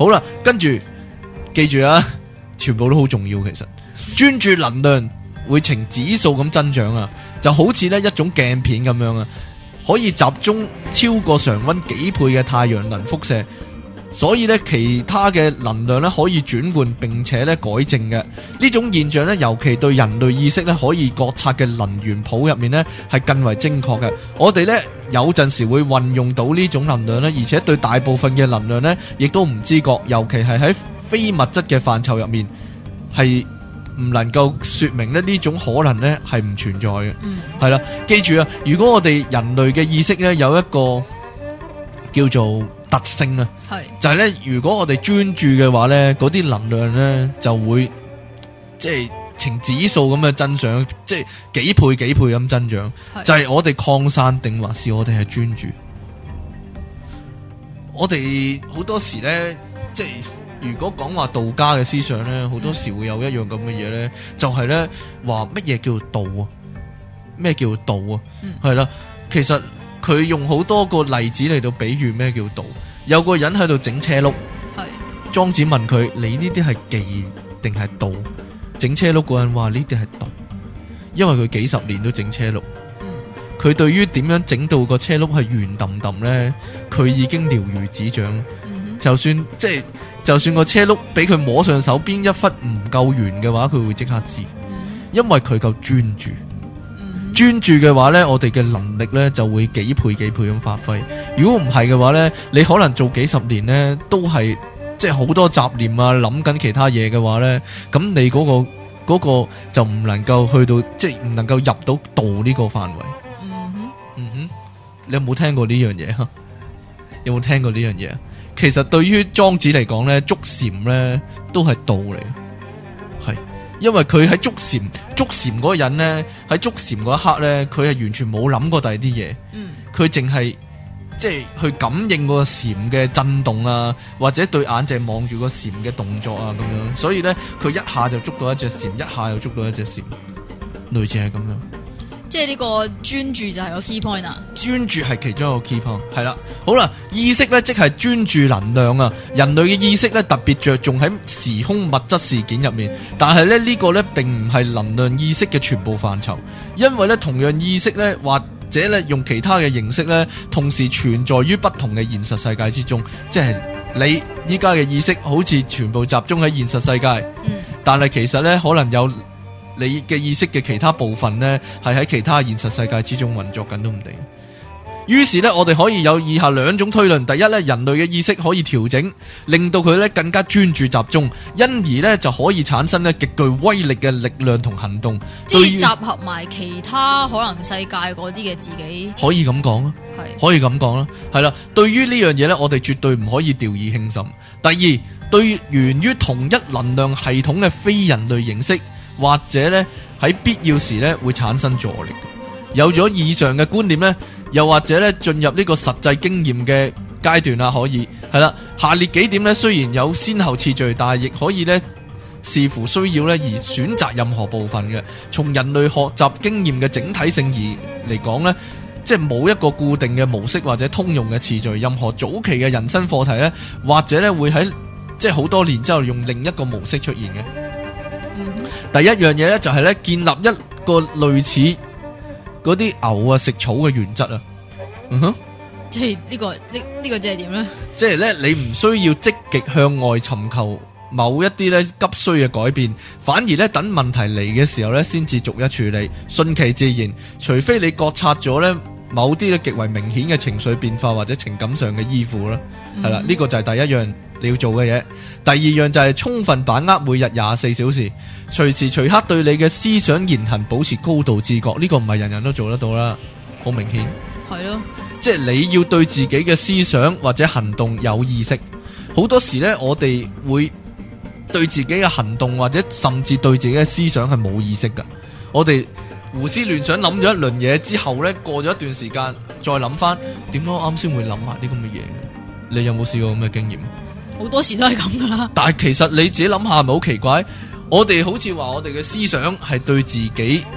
好啦，跟住，記住啊，全部都好重要。其實，專注能量會呈指數咁增長啊，就好似呢一種鏡片咁樣啊，可以集中超過常溫幾倍嘅太陽能輻射。所以咧，其他嘅能量咧可以轉換並且咧改正嘅呢種現象咧，尤其對人類意識咧可以覺察嘅能源譜入面咧，係更為精確嘅。我哋咧有陣時會運用到呢種能量咧，而且對大部分嘅能量咧，亦都唔知覺。尤其係喺非物質嘅範疇入面，係唔能夠説明咧，呢種可能咧係唔存在嘅。嗯，係啦，記住啊，如果我哋人類嘅意識咧有一個叫做。特性啊，是就係咧，如果我哋專注嘅話咧，嗰啲能量咧就會即係呈指數咁嘅增長，即、就、係、是、幾倍幾倍咁增長。是就係我哋擴散定，或是我哋係專注。是我哋好多時咧，即係如果講話道家嘅思想咧，好、嗯、多時會有一樣咁嘅嘢咧，就係咧話乜嘢叫做道啊？咩叫道啊？係啦、啊嗯，其實。佢用好多個例子嚟到比喻咩叫道。有個人喺度整車轆，莊是子問佢：你呢啲係技定係道？整車轆嗰人話：呢啲係道，因為佢幾十年都整車轆。佢、嗯、對於點樣整到個車轆係圓揼揼呢？佢已經了如指掌。嗯、哼就算即係、就是，就算個車轆俾佢摸上手邊一忽唔夠圓嘅話，佢會即刻知，嗯、因為佢夠專注。專注嘅話呢，我哋嘅能力呢就會幾倍幾倍咁發揮。如果唔係嘅話呢，你可能做幾十年呢都係即係好多雜念啊，諗緊其他嘢嘅話呢，咁你嗰個、嗰個就唔能夠去到，即係唔能夠入到道呢個範圍。嗯哼，嗯哼，你有冇聽過呢樣嘢？ 有冇聽過呢樣嘢？其實對於莊子嚟講呢，捉蟬呢都係道嚟，係。因為佢喺捉蟬，捉蟬嗰個人呢，喺捉蟬嗰一刻呢，佢係完全冇諗過第二啲嘢，嗯，佢淨係即係去感應嗰個蟬嘅震動啊，或者對眼淨望住個蟬嘅動作啊咁樣，所以呢，佢一下就捉到一隻蟬，一下又捉到一隻蟬，類似係咁樣。即係呢個專注就係個 key point 啊，專注係其中一個 key point，係啦，好啦，意識咧即係專注能量啊，人類嘅意識咧特別着重喺時空物質事件入面，但係咧呢個咧並唔係能量意識嘅全部範疇，因為咧同樣意識咧或者咧用其他嘅形式咧同時存在於不同嘅現實世界之中，即係你依家嘅意識好似全部集中喺現實世界，嗯，但係其實咧可能有。你嘅意識嘅其他部分呢，係喺其他現實世界之中運作緊都唔定。於是呢，我哋可以有以下兩種推論：第一呢，人類嘅意識可以調整，令到佢呢更加專注集中，因而呢，就可以產生呢極具威力嘅力量同行動。即係集合埋其他可能世界嗰啲嘅自己，可以咁講咯，係是可以咁講啦，係啦。對於呢樣嘢呢，我哋絕對唔可以掉以輕心。第二，對於源於同一能量系統嘅非人類形式。或者咧喺必要時咧會產生阻力。有咗以上嘅觀念咧，又或者咧進入呢個實際經驗嘅階段啦，可以係啦。下列幾點咧雖然有先後次序，但係亦可以咧視乎需要咧而選擇任何部分嘅。從人類學習經驗嘅整體性而嚟講咧，即係冇一個固定嘅模式或者通用嘅次序。任何早期嘅人生課題咧，或者咧會喺即係好多年之後用另一個模式出現嘅。第一樣嘢咧就係咧建立一個類似嗰啲牛啊食草嘅原則啊，哼，即係呢個呢呢個即係點咧？即係咧你唔需要積極向外尋求某一啲咧急需嘅改變，反而咧等問題嚟嘅時候咧先至逐一處理，順其自然，除非你覺察咗咧某啲嘅極為明顯嘅情緒變化或者情感上嘅依附啦，係啦、嗯，呢、呢個就係第一樣。你要做嘅嘢，第二樣就係、是、充分把握每日廿四小時，隨時隨刻對你嘅思想言行保持高度自覺。呢、這個唔係人人都做得到啦，好明顯。係咯了，即係你要對自己嘅思想或者行動有意識。好多時呢，我哋會對自己嘅行動或者甚至對自己嘅思想係冇意識噶。我哋胡思亂想諗咗一輪嘢之後呢，過咗一段時間再諗翻，點解啱先會諗下啲咁嘅嘢？你有冇試過咁嘅經驗？好多時都係咁噶啦，但係其實你自己諗下，係咪好奇怪？我哋好似話，我哋嘅思想係對自己，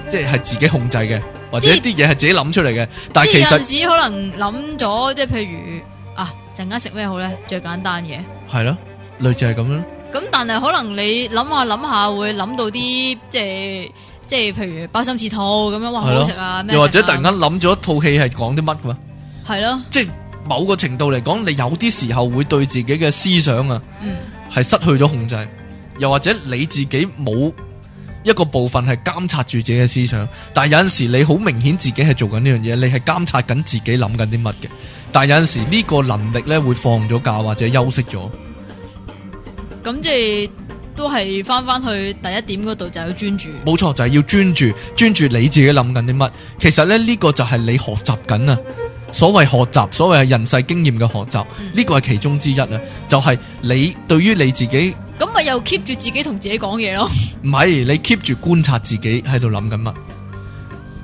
即係係自己控制嘅，或者即一啲嘢係自己諗出嚟嘅。但係其實有陣時可能諗咗，即係譬如啊，陣間食咩好咧？最簡單嘅係咯，類似係咁樣。咁但係可能你諗下諗下，會諗到啲即係即係，譬如八心似兔咁樣，話了好食啊，又或者突然間諗咗一套戲係講啲乜噶嘛？係咯了，即係。某個程度嚟講，你有啲時候會對自己嘅思想啊，係、嗯、失去咗控制，又或者你自己冇一個部分係監察住自己嘅思想。但係有陣時你好明顯自己係做緊呢樣嘢，你係監察緊自己諗緊啲乜嘅。但係有陣時呢個能力呢，會放咗假或者休息咗。咁即係都係翻翻去第一點嗰度就係要專注。冇錯，就係要專注，專注你自己諗緊啲乜。其實咧呢、呢個就係你學習緊啊。所謂學習，所謂係人世經驗嘅學習，呢個係其中之一啦。就係、是、你對於你自己咁咪又 keep 住自己同自己講嘢咯？唔係， 你 keep 住觀察自己喺度諗緊乜？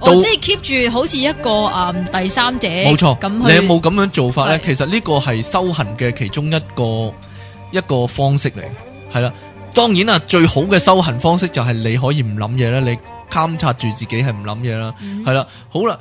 哦，即係 keep 住好似一個誒、嗯、第三者，冇錯錯。咁他你有冇咁樣做法咧？是其實呢個係修行嘅其中一個一個方式嚟，係啦。當然啦，最好嘅修行方式就係你可以唔諗嘢啦，你監察住自己係唔諗嘢啦，係啦、嗯，好啦。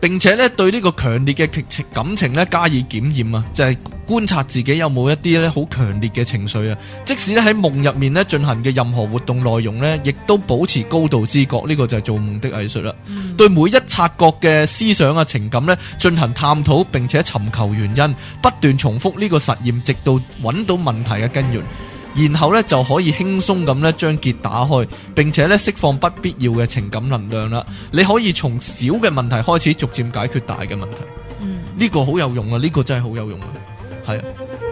並且咧對呢個強烈嘅感情咧加以檢驗啊，就係、是、觀察自己有冇一啲咧好強烈嘅情緒啊。即使咧喺夢入面咧進行嘅任何活動內容咧，亦都保持高度知覺，呢、這個就係做夢的藝術啦。嗯、對每一察覺嘅思想啊情感、咧進行探討，並且尋求原因，不斷重複呢個實驗，直到揾到問題嘅根源。然後咧就可以輕鬆咁咧將結打開，並且咧釋放不必要嘅情感能量啦。你可以從小嘅問題開始，逐漸解決大嘅問題。嗯，呢個好有用啊！呢個真係好有用啊，係啊，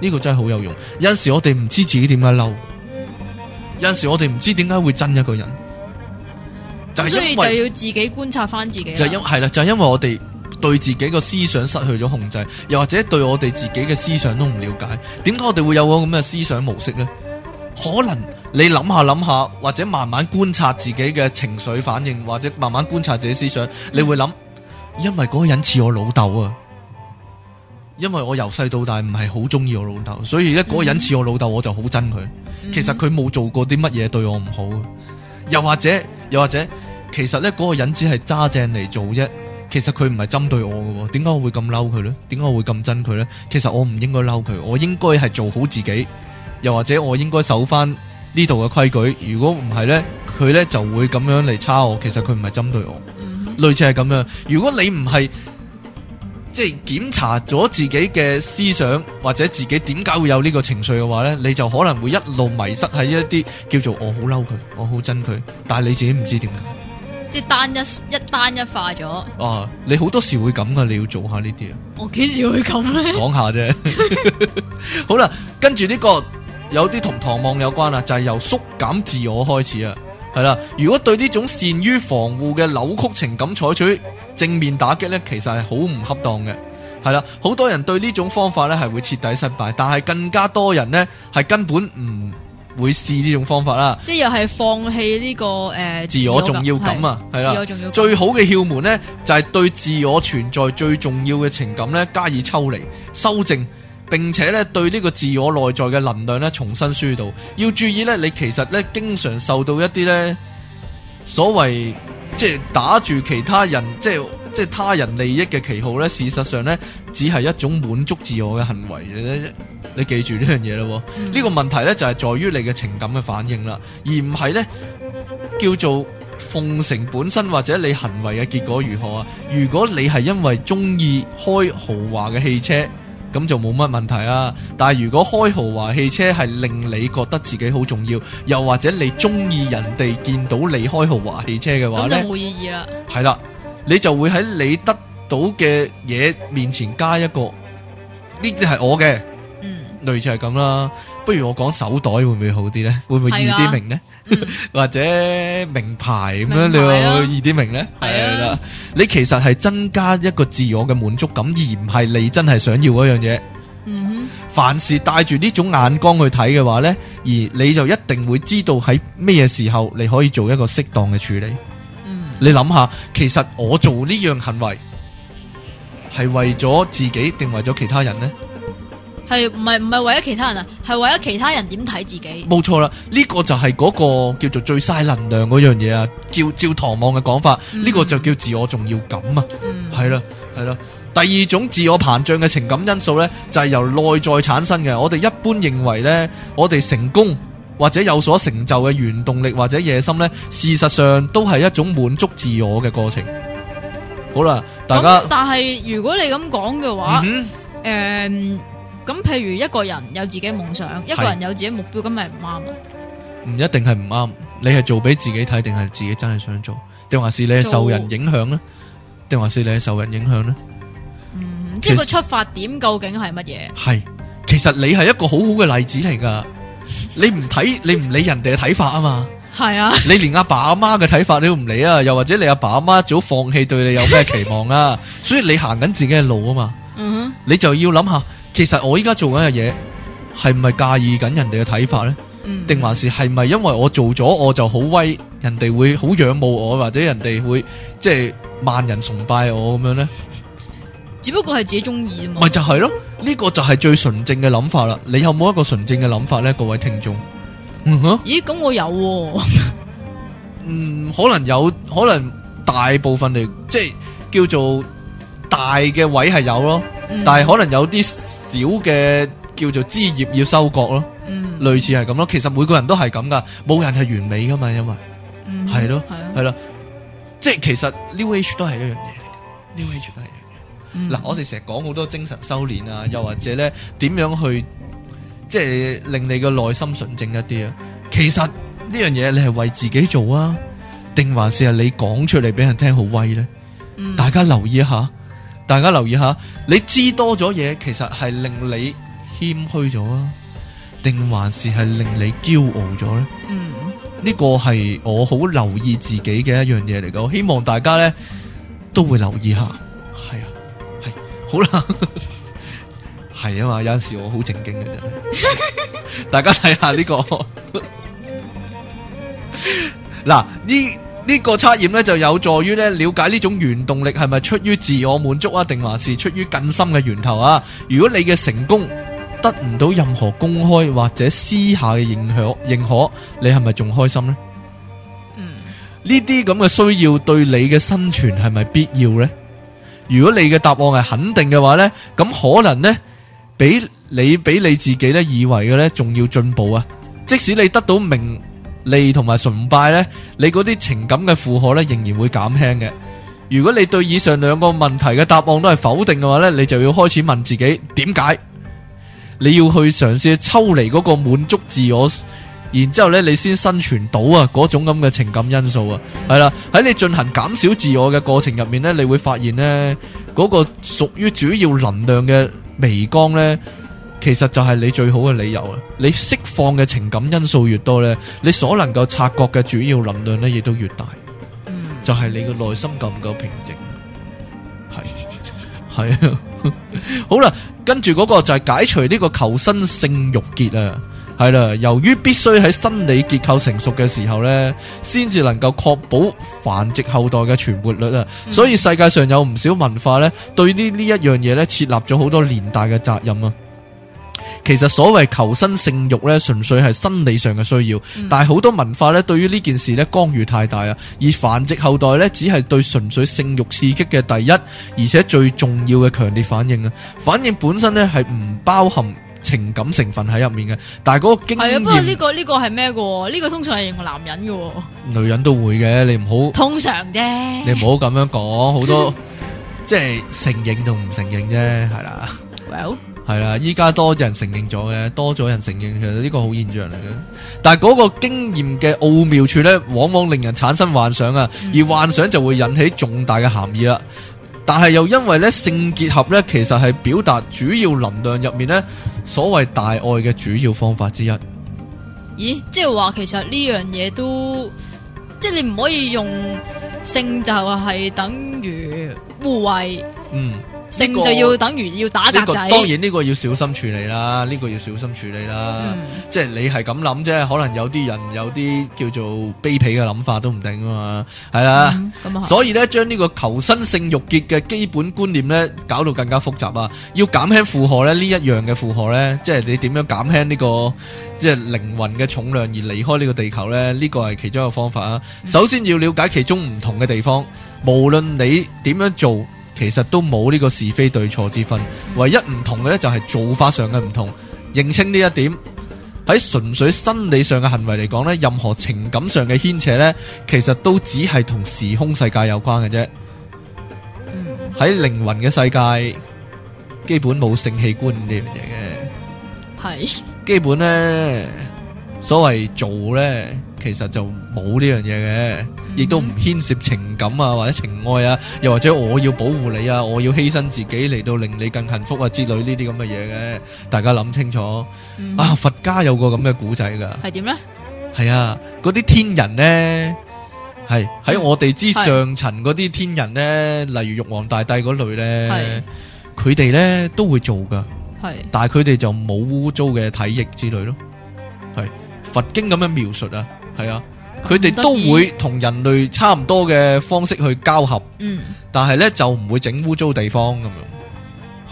呢個真係好有用。有陣時我哋唔知自己點解嬲，有陣時我哋唔知點解會憎一個人。所以就要自己觀察翻自己。就因係啦，就係因為我哋對自己嘅思想失去咗控制，又或者對我哋自己嘅思想都唔了解，點解我哋會有個咁嘅思想模式呢？可能你諗下諗下，或者慢慢觀察自己嘅情緒反應，或者慢慢觀察自己思想，你會諗，因為嗰個人似我老豆啊，因為我由細到大唔係好中意我老豆，所以咧嗰個人似我老豆，我就好憎佢。其實佢冇做過啲乜嘢對我唔好，又或者又或者，其實咧嗰個人只係揸正嚟做啫，其實佢唔係針對我噶，點解我會咁嬲佢呢？點解我會咁憎佢呢？其實我唔應該嬲佢，我應該係做好自己。又或者我應該守翻呢度嘅規矩，如果唔係呢，佢呢就會咁樣嚟差我。其實佢唔係針對我，嗯、類似係咁樣。如果你唔係即係檢查咗自己嘅思想，或者自己點解會有呢個情緒嘅話呢，你就可能會一路迷失喺一啲叫做我好嬲佢，我好憎佢，但係你自己唔知點解，即係單一一單一化咗。哦、啊，你好多時會咁噶，你要做下呢啲啊。我幾時會咁呢？講 下啫。 好啦，跟住呢、這個。有啲同唐望有關啦，就係、是、由縮減自我開始啊，係啦。如果對呢種善於防護嘅扭曲情感採取正面打擊呢，其實係好唔恰當嘅，係啦。好多人對呢種方法咧係會徹底失敗，但係更加多人呢係根本唔會試呢種方法啦。即係又係放棄呢、這個誒、呃、自我重要感啊，係啦的，的最好嘅竅門呢，就係對自我存在最重要嘅情感呢加以抽離、修正。並且咧，對呢個自我內在嘅能量咧，重新輸導。要注意咧，你其實咧，經常受到一啲咧，所謂即係打住其他人，即係即係他人利益嘅旗號咧，事實上咧，只係一種滿足自我嘅行為嘅啫。你記住呢樣嘢咯，呢個問題咧就係在於你嘅情感嘅反應啦，而唔係咧叫做奉承本身或者你行為嘅結果如何啊？如果你係因為中意開豪華嘅汽車，咁就冇乜問題啦。但係如果開豪華汽車係令你覺得自己好重要，又或者你中意人哋見到你開豪華汽車嘅話咧，咁冇意義啦。係啦，你就會喺你得到嘅嘢面前加一個呢啲係我嘅。類似係咁啦，不如我講手袋會唔會好啲呢？會唔會易啲明呢？啊嗯、 或者名牌咁樣，啊、你又易啲明呢？係啦、啊啊，你其實係增加一個自我嘅滿足感，而唔係你真係想要嗰樣嘢。嗯哼，凡事帶住呢種眼光去睇嘅話呢，而你就一定會知道喺咩嘢時候你可以做一個適當嘅處理。嗯，你諗下，其實我做呢樣行為係為咗自己定為咗其他人呢？係唔係唔係為咗其他人啊？係為咗其他人點睇自己？冇錯啦，呢、呢個就係嗰個叫做最嘥能量嗰樣嘢！啊！叫照唐望嘅講法，呢、嗯、個就叫自我重要感啊！係啦、嗯，係啦。第二種自我膨脹嘅情感因素呢，就係、是、由內在產生嘅。我哋一般認為呢，我哋成功或者有所成就嘅原動力或者野心呢，事實上都係一種滿足自我嘅過程。好啦，大家但係如果你咁講嘅話，誒、嗯。呃咁譬如一個人有自己夢想，一個人有自己目標，咁咪唔啱啊？唔一定係唔啱，你係做俾自己睇定係自己真係想做？定還是你係受人影響呢？定還是你係受人影響呢？嗯，即係個出發點究竟係乜嘢？係，其實你係一個好好嘅例子嚟噶。你唔睇，你唔理人哋嘅睇法啊嘛。係啊，你連阿爸阿媽嘅睇法你都唔理啊？又或者你阿爸阿媽早放棄對你有咩期望啊？所以你行緊自己嘅路啊嘛。嗯，你就要諗下。其實我依家做緊嗰樣嘢係咪介意緊人哋嘅睇法呢？定、嗯、還是係咪因為我做咗我就好威，人哋會好仰慕我，或者人哋會即係萬人崇拜我咁樣呢？只不過係自己中意吖嘛。咪 就係咯，呢、這個就係最純正嘅諗法啦。你有冇一個純正嘅諗法呢？各位聽眾？咦，咁我有、啊， 嗯，可能有，可能大部分嚟，即係叫做大嘅位係有咯，嗯、但係可能有啲。少嘅叫做枝葉要收割咯，嗯、類似係咁咯。其實每個人都係咁噶，冇人係完美噶嘛，因為係咯，係啦，即係其實 new age 都係一樣嘢嚟嘅，new age 都係一樣嘢。嗱、嗯，我哋成日講好多精神修煉啊，嗯、又或者咧點樣去即係令你個內心純淨一啲啊。其實呢樣嘢你係為自己做啊，定還是係你講出嚟俾人聽好威咧？大家留意一下。大家留意下，你知多咗嘢，其實係令你謙虛咗啊，定還是係令你驕傲咗咧？嗯，呢個係我好留意自己嘅一樣嘢嚟噶，希望大家咧都會留意下。係啊，係好啦，係 啊嘛，有陣時我好正經嘅啫。 大家睇下呢、這個嗱呢。 呢個測驗咧就有助於咧了解呢種原動力係咪出於自我滿足啊，定還是出於更深嘅源頭啊？如果你嘅成功得唔到任何公開或者私下嘅認可，認可你係咪仲開心呢？嗯，呢啲咁嘅需要對你嘅生存係咪必要呢？如果你嘅答案係肯定嘅話呢，咁可能呢，比你比你自己咧以為嘅咧仲要進步啊！即使你得到名。利同埋崇拜呢，你嗰啲情感嘅負荷呢，仍然會減輕嘅。如果你對以上兩個問題嘅答案都係否定嘅話呢，你就要開始問自己點解你要去嘗試抽離嗰個滿足自我，然之後呢，你先生存到啊嗰種咁嘅情感因素啊，係啦，喺你進行減少自我嘅過程入面呢，你會發現呢嗰個屬於主要能量嘅微光呢。其實就係你最好嘅理由啊！你釋放嘅情感因素越多呢，你所能夠察覺嘅主要能量呢，亦都越大。嗯、就係你嘅內心夠唔夠平靜？係係、嗯、啊， 好啦，跟住嗰個就係解除呢個求生性欲結啊。係啦、啊，由於必須喺生理結構成熟嘅時候呢，先至能夠確保繁殖後代嘅存活率啊，嗯、所以世界上有唔少文化呢，對呢呢一樣嘢呢，設立咗好多年代嘅責任啊。其實所謂求生性欲咧，純粹係生理上嘅需要。但係好多文化咧，對於呢件事咧干預太大啊，而繁殖後代咧，只係對純粹性欲刺激嘅第一，而且最重要嘅強烈反應啊！反應本身咧係唔包含情感成分喺入面嘅。但係嗰個經驗係啊，不過呢個呢個係咩嘅？呢個通常係用男人嘅，女人都會嘅。你唔好通常啫，你唔好咁樣講，好多即係承認同唔承認啫，係啦。Well。係啦，依家多人承認咗嘅，多咗人承認，其實呢個好現象嚟嘅。但係嗰個經驗嘅奧妙處呢，往往令人產生幻想啊，嗯、而幻想就會引起重大嘅含義啦。但係又因為呢，性結合呢，其實係表達主要能量入面呢所謂大愛嘅主要方法之一。咦，即係話其實呢樣嘢都，即、就、係、是、你唔可以用性就係等於污穢。嗯。這個、性就要等於要打格仔，這個、當然呢個要小心處理啦，呢、這個要小心處理啦。嗯、即係你係咁諗啫，可能有啲人有啲叫做卑鄙嘅諗法都唔定啊嘛，係啦。嗯就是、所以咧，將呢個求生性欲結嘅基本觀念咧，搞到更加複雜啊。要減輕負荷咧，呢一樣嘅負荷咧，即係你點樣減輕呢個即係靈魂嘅重量而離開呢個地球咧？呢、這個係其中一個方法啊。嗯、首先要了解其中唔同嘅地方，無論你點樣做。其實都冇呢個是非對錯之分，嗯、唯一唔同嘅呢，就係做法上嘅唔同。認清呢一點，喺純粹生理上嘅行為嚟講呢，任何情感上嘅牽扯呢，其實都只係同時空世界有關嘅啫。嗯、喺靈魂嘅世界，基本冇性器官呢樣嘢嘅。係是，基本呢，所謂做呢。其實就冇呢樣嘢嘅，亦、嗯、哼都唔牽涉情感啊，或者情愛啊，又或者我要保護你啊，我要犧牲自己嚟到令你更幸福啊之類呢啲咁嘅嘢嘅，大家諗清楚。嗯、哼啊，佛家有個咁嘅古仔噶，係點咧？係啊，嗰啲天人咧，係喺我哋之上層嗰啲天人咧，嗯、例如玉皇大帝嗰類咧，佢哋咧都會做噶，係是，但係佢哋就冇污糟嘅體液之類咯，係佛經咁樣描述啊。係啊，佢哋都會同人類差唔多嘅方式去交合，嗯、但係咧就唔會整污糟地方咁樣。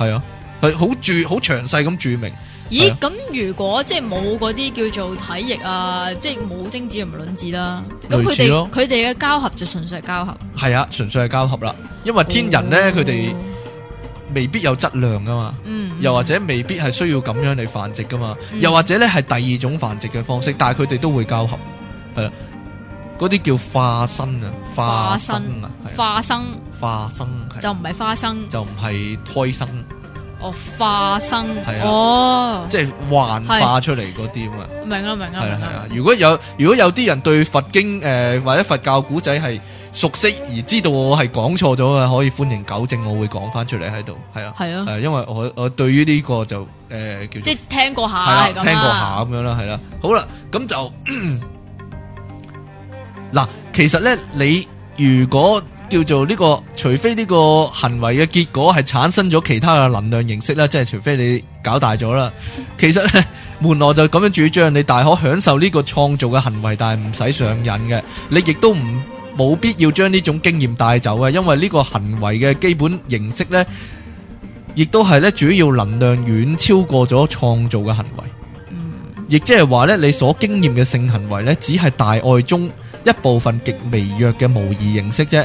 係啊，佢好注好詳細咁注明。咦，咁、啊、如果即係冇嗰啲叫做體液啊，即係冇精子同卵子啦、啊，咁佢哋佢哋嘅交合就純粹係交合。係啊，純粹係交合啦。因為天人咧，佢哋、哦、未必有質量噶嘛。嗯。又或者未必係需要咁樣嚟繁殖噶嘛。嗯、又或者咧係第二種繁殖嘅方式，但係佢哋都會交合。係啦，嗰啲叫化身啊，化身啊，化身，化身就唔係化身，就唔係胎生。哦，化身，哦，即係幻化出嚟嗰啲啊嘛。明啊，明啊，係啊，係啊。如果有如果有啲人對佛經誒或者佛教古仔係熟悉而知道我係講錯咗嘅，可以歡迎糾正，我會講翻出嚟喺度。係啊，係啊。誒，因為我我對於呢個就誒叫即係聽過下係啦，聽過下咁樣啦，係啦。好啦，咁就。嗱，其實咧，你如果叫做呢個，除非呢個行為嘅結果係產生咗其他嘅能量形式啦，即係除非你搞大咗啦。其實咧，門羅就咁樣主張，你大可享受呢個創造嘅行為，但係唔使上癮嘅。你亦都唔冇必要將呢種經驗帶走嘅，因為呢個行為嘅基本形式呢，亦都係咧主要能量遠超過咗創造嘅行為。嗯，亦即係話咧，你所經驗嘅性行為呢，只係大愛中一部分極微弱嘅模擬形式啫，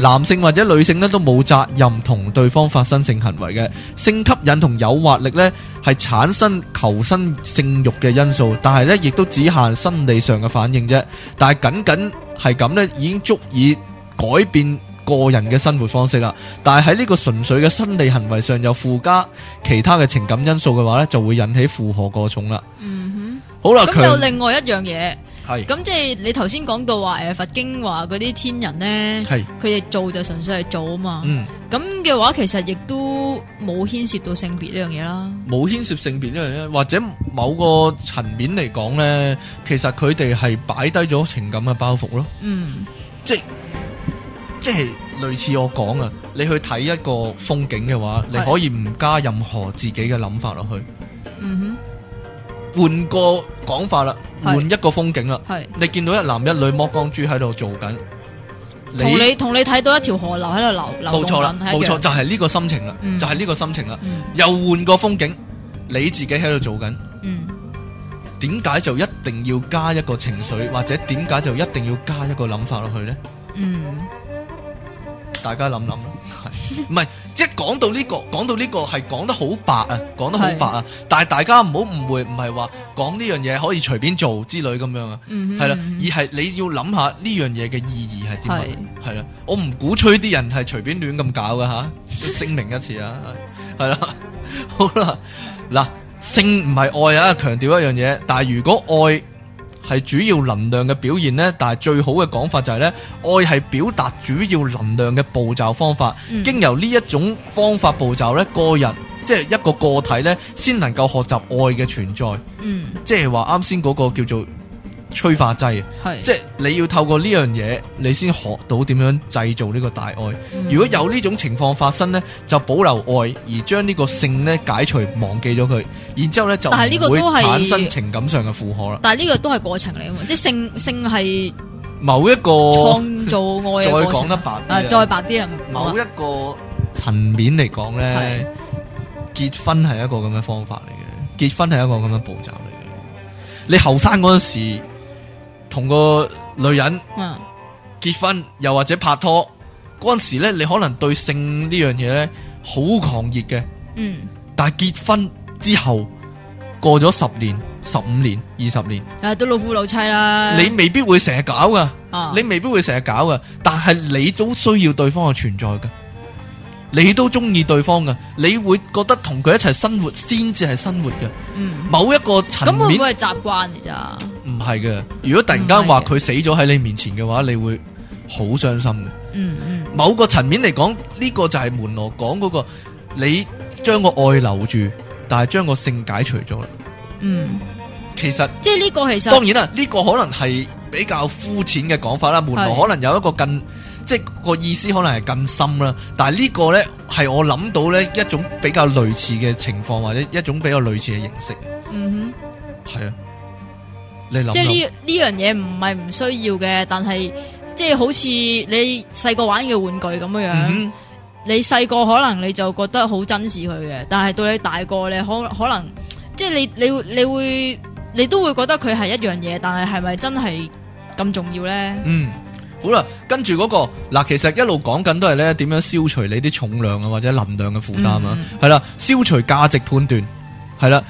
男性或者女性咧都冇責任同對方發生性行為嘅。性吸引同誘惑力咧係產生求生性慾嘅因素，但係咧亦都只限生理上嘅反應啫。但係僅僅係咁咧，已經足以改變個人嘅生活方式啦。但係喺呢個純粹嘅生理行為上又附加其他嘅情感因素嘅話咧，就會引起負荷過重啦。嗯哼，好啦，咁有另外一樣嘢。係咁，即係你頭先講到話誒佛經話嗰啲天人咧，佢哋是做就純粹係做啊嘛。嗯，咁嘅話其實亦都冇牽涉到性別呢樣嘢啦。冇牽涉性別呢樣嘢，或者某個層面嚟講咧，其實佢哋係擺低咗情感嘅包袱咯。嗯，即係即係類似我講啊，你去睇一個風景嘅話，是你可以唔加任何自己嘅諗法落去。嗯哼。換個講法啦，換是一個風景啦。是你見到一男一女剝光豬喺度做緊，同你，你同你睇到一條河流喺度流流。冇錯啦，冇錯，就係、是、呢個心情啦，嗯、就係呢個心情啦。嗯、又換個風景，你自己喺度做緊。嗯，點解就一定要加一個情緒，或者點解就一定要加一個諗法落去呢？嗯。大家諗諗係唔係？即講到呢個，講到呢個係講得好白啊，講得好白啊。是但係大家唔好誤會，唔係話講呢樣嘢可以隨便做之類咁樣啊，係啦。嗯哼嗯哼，而係你要諗下呢樣嘢嘅意義係點樣？係是啦，我唔鼓吹啲人係隨便亂咁搞噶吓，聲明一次啊，係啦，好啦，嗱，性唔係愛啊，強調一樣嘢，但係如果愛。係主要能量嘅表現咧，但係最好嘅講法就係、是、咧，愛係表達主要能量嘅步驟方法。嗯、經由呢一種方法步驟咧，個人即係、就是、一個個體咧，先能夠學習愛嘅存在，即係話啱先嗰個叫做。催化劑，係是即係你要透過呢樣嘢，你先學到點樣製造呢個大愛。嗯、如果有呢種情況發生咧，就保留愛而將呢個性咧解除，忘記咗佢，然之後咧就，但係呢個都係產生情感上嘅負荷啦。但係呢個都係過程嚟㗎嘛，即係性性係某一個創造愛嘅過程 再講得白，誒、呃、再白啲啊，某一個層面嚟講咧，結婚係一個咁嘅方法嚟嘅，結婚係一個咁嘅步驟嚟嘅。你後生嗰陣時。同個女人結婚，又或者拍拖嗰陣時咧，你可能對性呢樣嘢咧好狂熱嘅。嗯，但係結婚之後過咗十年、十五年、二十年，誒、啊，都老夫老妻啦。你未必會成日搞噶，啊、你未必會成日搞噶，但係你都需要對方嘅存在噶，你都中意對方噶，你會覺得同佢一齊生活先至係生活嘅。嗯，某一個層面咁會唔會係習慣嚟咋？嗯係嘅，如果突然間話佢死咗喺你面前嘅話，的你會好傷心嘅。嗯，嗯，某個層面嚟講，呢個就係門羅講嗰個，你將個愛留住，但係將個性解除咗啦。嗯，其實即係呢個其實當然啦，呢個可能係比較膚淺嘅講法啦。門羅可能有一個更的即係個意思，可能係更深啦。但係呢個呢，係我諗到呢一種比較類似嘅情況，或者一種比較類似嘅形式。嗯哼，係啊。想想，即係呢，呢樣嘢唔係唔需要嘅，但係即係好似你細個玩嘅玩具咁樣樣，嗯、哼你細個可能你就覺得好珍視佢嘅，但係到你大個你可可能即係你你你會你都會覺得佢係一樣嘢，但係係咪真係咁重要咧？嗯，好啦，跟住嗰個嗱，其實一路講緊都係咧，點樣消除你啲重量啊或者能量嘅負擔啊？係啦、嗯，消除價值判斷，係啦。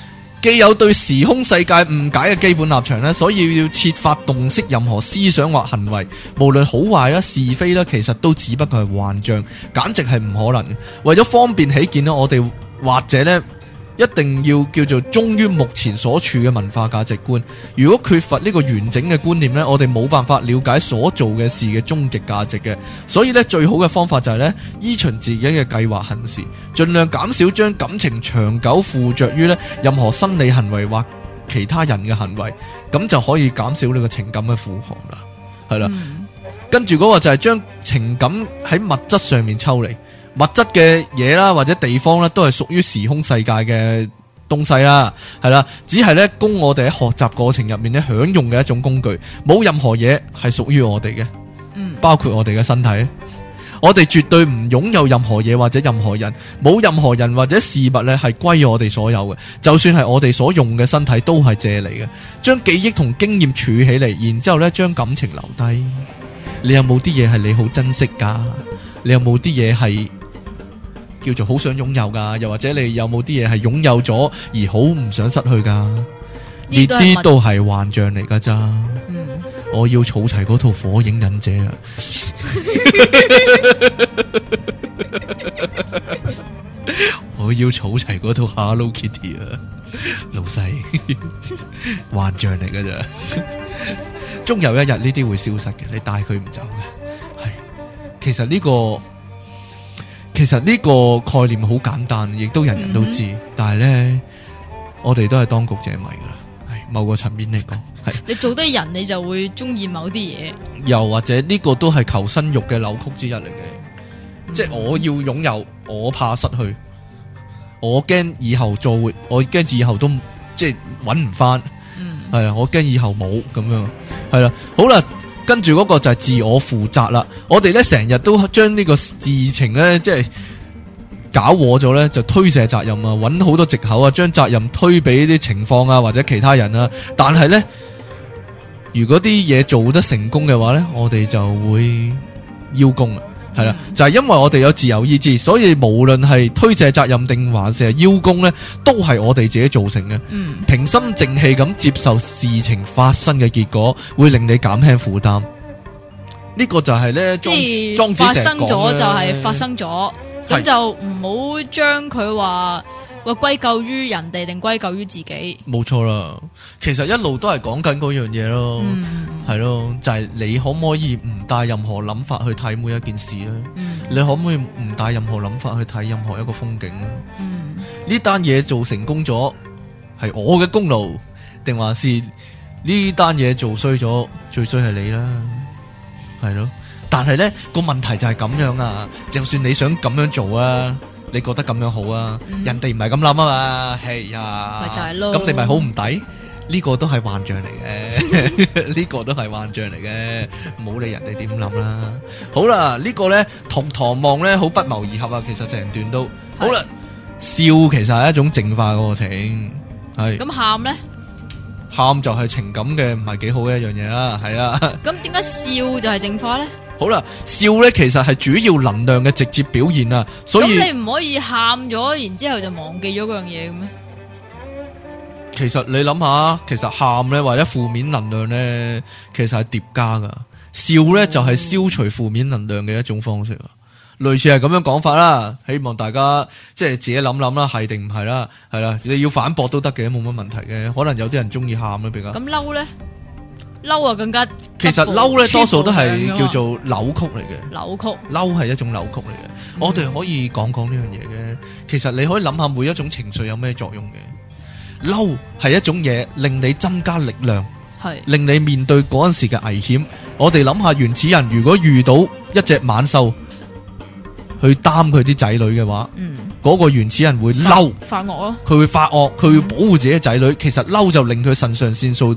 既有對時空世界誤解嘅基本立場咧，所以要設法洞悉任何思想或行為，無論好壞啦、是非啦，其實都只不過係幻象，簡直係唔可能。為咗方便起見咧，我哋或者咧。一定要叫做忠於目前所處嘅文化價值觀。如果缺乏呢個完整嘅觀念呢，我哋冇辦法了解所做嘅事嘅終極價值嘅。所以呢，最好嘅方法就係呢：依循自己嘅計劃行事，盡量減少將感情長久附着於呢任何生理行為或其他人嘅行為，咁就可以減少你個情感嘅負荷啦。係啦，嗯、跟住嗰個就係將情感喺物質上面抽離。物質嘅嘢啦，或者地方咧，都係屬於時空世界嘅東西啦，係啦，只係咧供我哋喺學習過程入面咧享用嘅一種工具，冇任何嘢係屬於我哋嘅，嗯，包括我哋嘅身體，我哋絕對唔擁有任何嘢或者任何人，冇任何人或者事物咧係歸我哋所有嘅，就算係我哋所用嘅身體都係借嚟嘅，將記憶同經驗儲起嚟，然之後咧將感情留低，你有冇啲嘢係你好珍惜噶？你有冇啲嘢係？叫做好想擁有噶，又或者你有冇啲嘢係擁有咗而好唔想失去噶？呢啲都係幻象嚟噶咋！嗯、我要儲齊嗰套《火影忍者》啊！ 我要儲齊嗰套 Hello Kitty 啊！老細，幻 象嚟噶咋？終 有一日呢啲會消失嘅，你帶佢唔走嘅。係，其實呢、這個。其實呢個概念好簡單，亦都人人都知，嗯、哼但係咧，我哋都係當局者迷㗎啦。係某個層面嚟講，係你做得人，你就會中意某啲嘢。又或者呢個都係求生欲嘅扭曲之一嚟嘅，嗯、即係我要擁有，我怕失去，我驚以後做，我驚以後都即係搵唔翻。嗯，係啊，我驚以後冇咁樣，係啦，好啦。跟住嗰個就係自我負責啦，我哋咧成日都將呢個事情咧即係搞瘀咗咧，就推卸責任啊，揾好多藉口啊，將責任推俾啲情況啊或者其他人啊，但係咧如果啲嘢做得成功嘅話咧，我哋就會邀功啊。係啦，就係、是、因為我哋有自由意志，所以無論係推卸責任定還是係邀功呢，都係我哋自己造成嘅。嗯、平心靜氣咁接受事情發生嘅結果，會令你減輕負擔。呢、這個就係呢莊莊子成發生咗就係發生咗，咁的就唔好將佢話。話歸咎於人哋定歸咎於自己？冇錯啦，其實一路都係講緊嗰樣嘢咯，係、嗯、咯，就係、是、你可唔可以唔帶任何諗法去睇每一件事咧？嗯、你可唔可以唔帶任何諗法去睇任何一個風景咧？呢單嘢做成功咗係我嘅功勞，定話是，是呢單嘢做衰咗最衰係你啦？係咯，但係呢個問題就係咁樣啊，就算你想咁樣做啊。嗯你覺得咁樣好啊？嗯、人哋唔係咁諗啊嘛，係啊，咁、hey、你咪好唔抵？呢、這個都係幻象嚟嘅，呢 個都係幻象嚟嘅，冇理人哋點諗啦。好啦，這個、呢個咧同唐望咧好不謀而合啊。其實成段都好啦，是笑其實係一種淨化嘅過程，係。咁喊咧？喊就係情感嘅唔係幾好嘅一樣嘢啦，係啦、啊。咁點解笑就係淨化咧？好啦，笑咧其實係主要能量嘅直接表現啊，所以咁你唔可以喊咗，然之後就忘記咗嗰樣嘢嘅咩？其實你諗下，其實喊咧或者負面能量咧，其實係疊加噶。笑咧就係消除負面能量嘅一種方式，嗯、類似係咁樣講法啦。希望大家即係自己諗諗啦，係定唔係啦？係啦，你要反駁都得嘅，冇乜問題嘅。可能有啲人中意喊咧比較。咁嬲咧？嬲啊，更加其實嬲咧，多數都係叫做扭曲嚟嘅。扭曲嬲係一種扭曲嚟嘅。我哋可以講講呢樣嘢嘅。其實你可以諗下每一種情緒有咩作用嘅。嬲係一種嘢，令你增加力量，係令你面對嗰陣時嘅危險。我哋諗下原始人如果遇到一隻猛獸，去擔佢啲仔女嘅話，嗯，嗰個原始人會嬲發惡咯，佢會發惡，佢會保護自己嘅仔女。其實嬲就令佢腎上腺素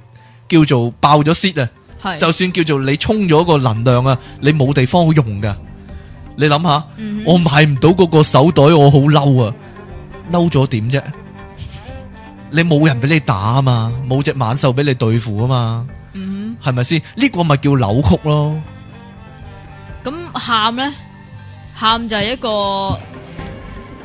叫做爆咗泄啊！係，就算叫做你充咗個能量啊，你冇地方好用噶。你諗下，嗯、哼我買唔到嗰個手袋，我好嬲啊！嬲咗點啫？ 你冇人俾你打啊嘛，冇隻猛獸俾你對付啊嘛，係咪先？呢、這個咪叫扭曲咯。咁喊咧，喊就係一個。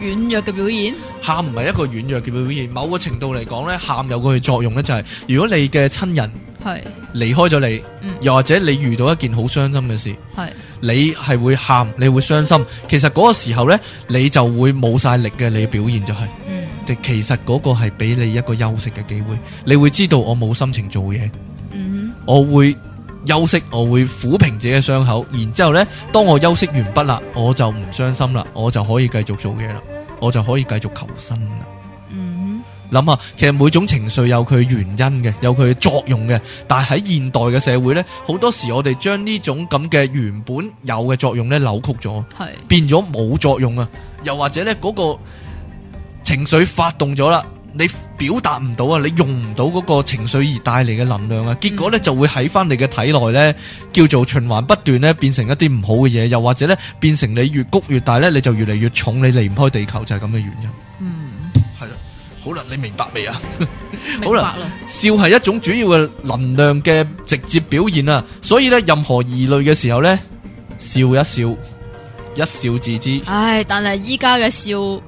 軟弱嘅表現，喊唔係一個軟弱嘅表現，某個程度嚟講呢，喊有個嘅作用呢、就是，就係如果你嘅親人係離開咗你，嗯、又或者你遇到一件好傷心嘅事，係是你係會喊，你會傷心。其實嗰個時候呢，你就會冇晒力嘅，你嘅表現就係、是，嗯、其實嗰個係俾你一個休息嘅機會，你會知道我冇心情做嘢，嗯、哼我會。休息，我會撫平自己嘅傷口，然之後呢，當我休息完畢啦，我就唔傷心啦，我就可以繼續做嘢啦，我就可以繼續求生啦。嗯，諗哼下，其實每種情緒有佢原因嘅，有佢作用嘅，但係喺現代嘅社會呢，好多時我哋將呢種咁嘅原本有嘅作用咧扭曲咗，係是變咗冇作用啊，又或者呢，嗰個情緒發動咗啦。你表達唔到啊，你用唔到嗰個情緒而帶嚟嘅能量啊，結果呢，就會喺翻你嘅體內呢，叫做循環不斷呢，變成一啲唔好嘅嘢，又或者呢，變成你越谷越大呢，你就越嚟越重，你離唔開地球就係咁嘅原因。嗯，係咯，好啦，你明白未啊？ 好了明白啦。笑係一種主要嘅能量嘅直接表現啊，所以呢，任何疑慮嘅時候呢，笑一笑，一笑自知。唉，但係依家嘅笑。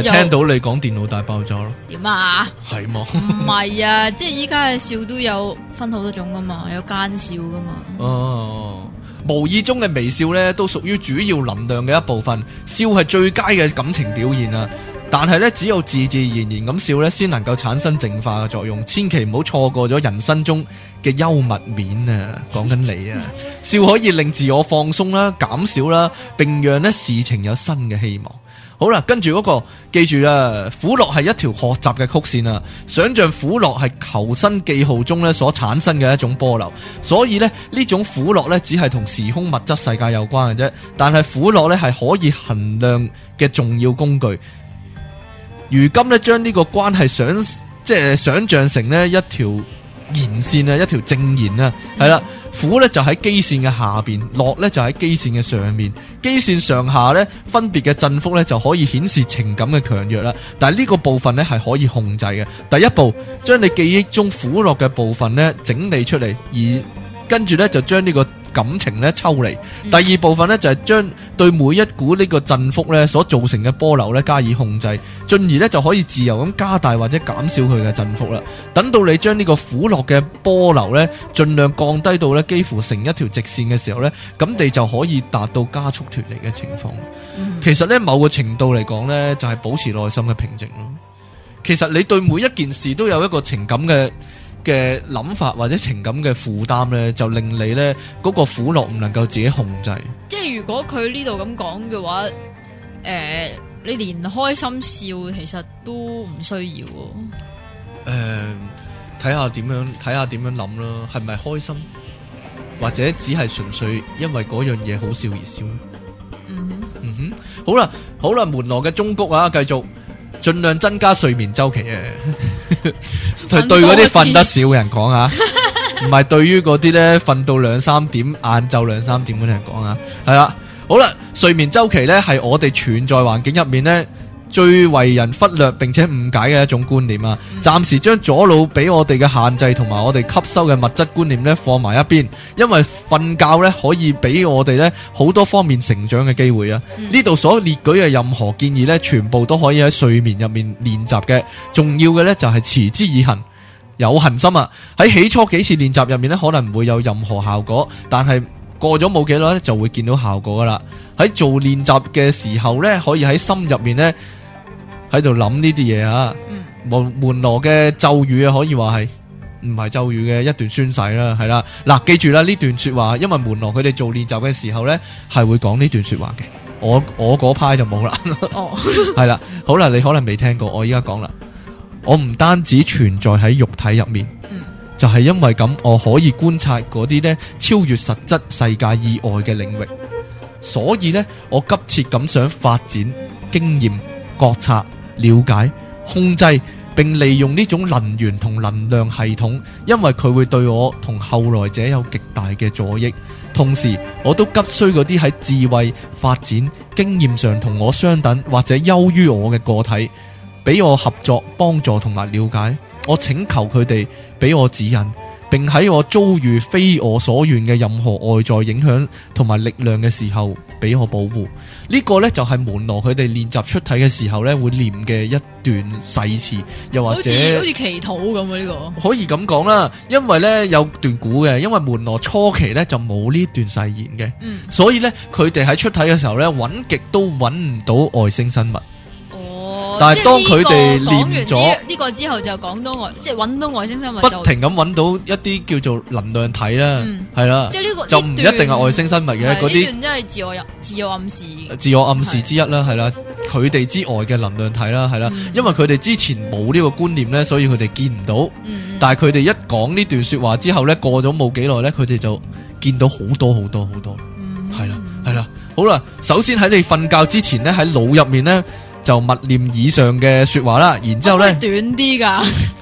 就聽到你講電腦大爆炸咯？點啊？係麼嗎？唔係啊，即係依家嘅笑都有分好多種噶嘛，有奸笑噶嘛。哦，無意中嘅微笑呢，都屬於主要能量嘅一部分。笑係最佳嘅感情表現啊！但係呢，只有自自然然咁笑呢，先能夠產生淨化嘅作用。千祈唔好錯過咗人生中嘅幽默面啊！講緊你啊，， 笑可以令自我放鬆啦，減少啦，並讓呢事情有新嘅希望。好啦，跟住嗰個記住啦，苦樂係一條學習嘅曲線啦。想象苦樂係求生記號中咧所產生嘅一種波流，所以咧呢種苦樂咧只係同時空物質世界有關嘅啫。但係苦樂咧係可以衡量嘅重要工具。如今咧將呢個關係想即係想象成咧一條。弦線啊，一條正弦啊，係啦，苦咧就喺基線嘅下邊，樂咧就喺基線嘅上面，基線上下咧分別嘅振幅咧就可以顯示情感嘅強弱啦。但係呢個部分咧係可以控制嘅。第一步，將你記憶中苦樂嘅部分咧整理出嚟，而跟住咧就將呢、呢個。感情咧抽離，第二部分咧就係將對每一股呢個振幅咧所造成嘅波流咧加以控制，進而咧就可以自由咁加大或者減少佢嘅振幅啦。等到你將呢個苦樂嘅波流咧盡量降低到咧幾乎成一條直線嘅時候咧，咁你就可以達到加速脫離嘅情況。其實咧某個程度嚟講咧就係保持內心嘅平靜咯。其實你對每一件事都有一個情感嘅。嘅諗法或者情感嘅負擔咧，就令你咧嗰、那個苦樂唔能夠自己控制。即係如果佢呢度咁講嘅話，誒、呃，你連開心笑其實都唔需要、哦。誒、呃，睇下點樣，睇下點樣諗啦，係咪開心，或者只係純粹因為嗰樣嘢好笑而笑？嗯哼，嗯哼，好啦，好啦，門羅嘅中谷啊，繼續。盡量增加睡眠週期啊！對嗰啲瞓得少嘅人講啊，唔係對於嗰啲咧瞓到兩三點、晏晝兩三點嗰啲人講啊，係啦，好啦，睡眠週期咧係我哋存在環境入面咧。最為人忽略並且誤解嘅一種觀念啊！嗯、暫時將左腦俾我哋嘅限制同埋我哋吸收嘅物質觀念咧放埋一邊，因為瞓覺咧可以俾我哋咧好多方面成長嘅機會啊！嗯、呢度所列舉嘅任何建議咧，全部都可以喺睡眠入面練習嘅。重要嘅咧就係持之以恆，有恆心啊！喺起初幾次練習入面咧，可能唔會有任何效果，但係過咗冇幾耐咧，就會見到效果噶啦。喺做練習嘅時候咧，可以喺心入面咧。喺度諗呢啲嘢啊，嗯、門門羅嘅咒語啊，可以話係唔係咒語嘅一段宣誓啦，係啦，嗱、啊，記住啦，呢段說話，因為門羅佢哋做練習嘅時候呢，係會講呢段說話嘅，我我嗰派就冇啦，係 啦、哦， 好啦，你可能未聽過，我依家講啦，我唔單止存在喺肉體入面，嗯、就係因為咁，我可以觀察嗰啲呢超越實質世界以外嘅領域，所以呢，我急切咁想發展經驗覺察。了解、控制並利用呢種能源同能量系統，因為佢會對我同後來者有極大嘅助益。同時，我都急需嗰啲喺智慧發展經驗上同我相等或者優於我嘅個體，俾我合作、幫助同埋了解。我請求佢哋俾我指引。並喺我遭遇非我所願嘅任何外在影響同埋力量嘅時候，俾我保護。呢個呢，就係門羅佢哋練習出體嘅時候呢會念嘅一段誓詞，又或者好似祈禱咁啊？呢個可以咁講啦，因為呢，有段古嘅，因為門羅初期呢就冇呢段誓言嘅，嗯，所以呢，佢哋喺出體嘅時候呢，揾極都揾唔到外星生物。但係當佢哋練咗呢個之後，就講到外，即係搵到外星生物，不停咁搵到一啲叫做能量體啦，係啦、嗯，即係呢個就唔一定係外星生物嘅嗰啲，即係自我自我暗示，自我暗示之一啦，係啦的，佢哋之外嘅能量體啦，係啦，嗯、因為佢哋之前冇呢個觀念咧，所以佢哋見唔到，嗯、但係佢哋一講呢段說話之後咧，過咗冇幾耐咧，佢哋就見到好多好多好多好多，係啦係啦，好啦，首先喺你瞓覺之前咧，喺腦入面咧。就勿念以上嘅說話啦，然之後咧。短啲㗎。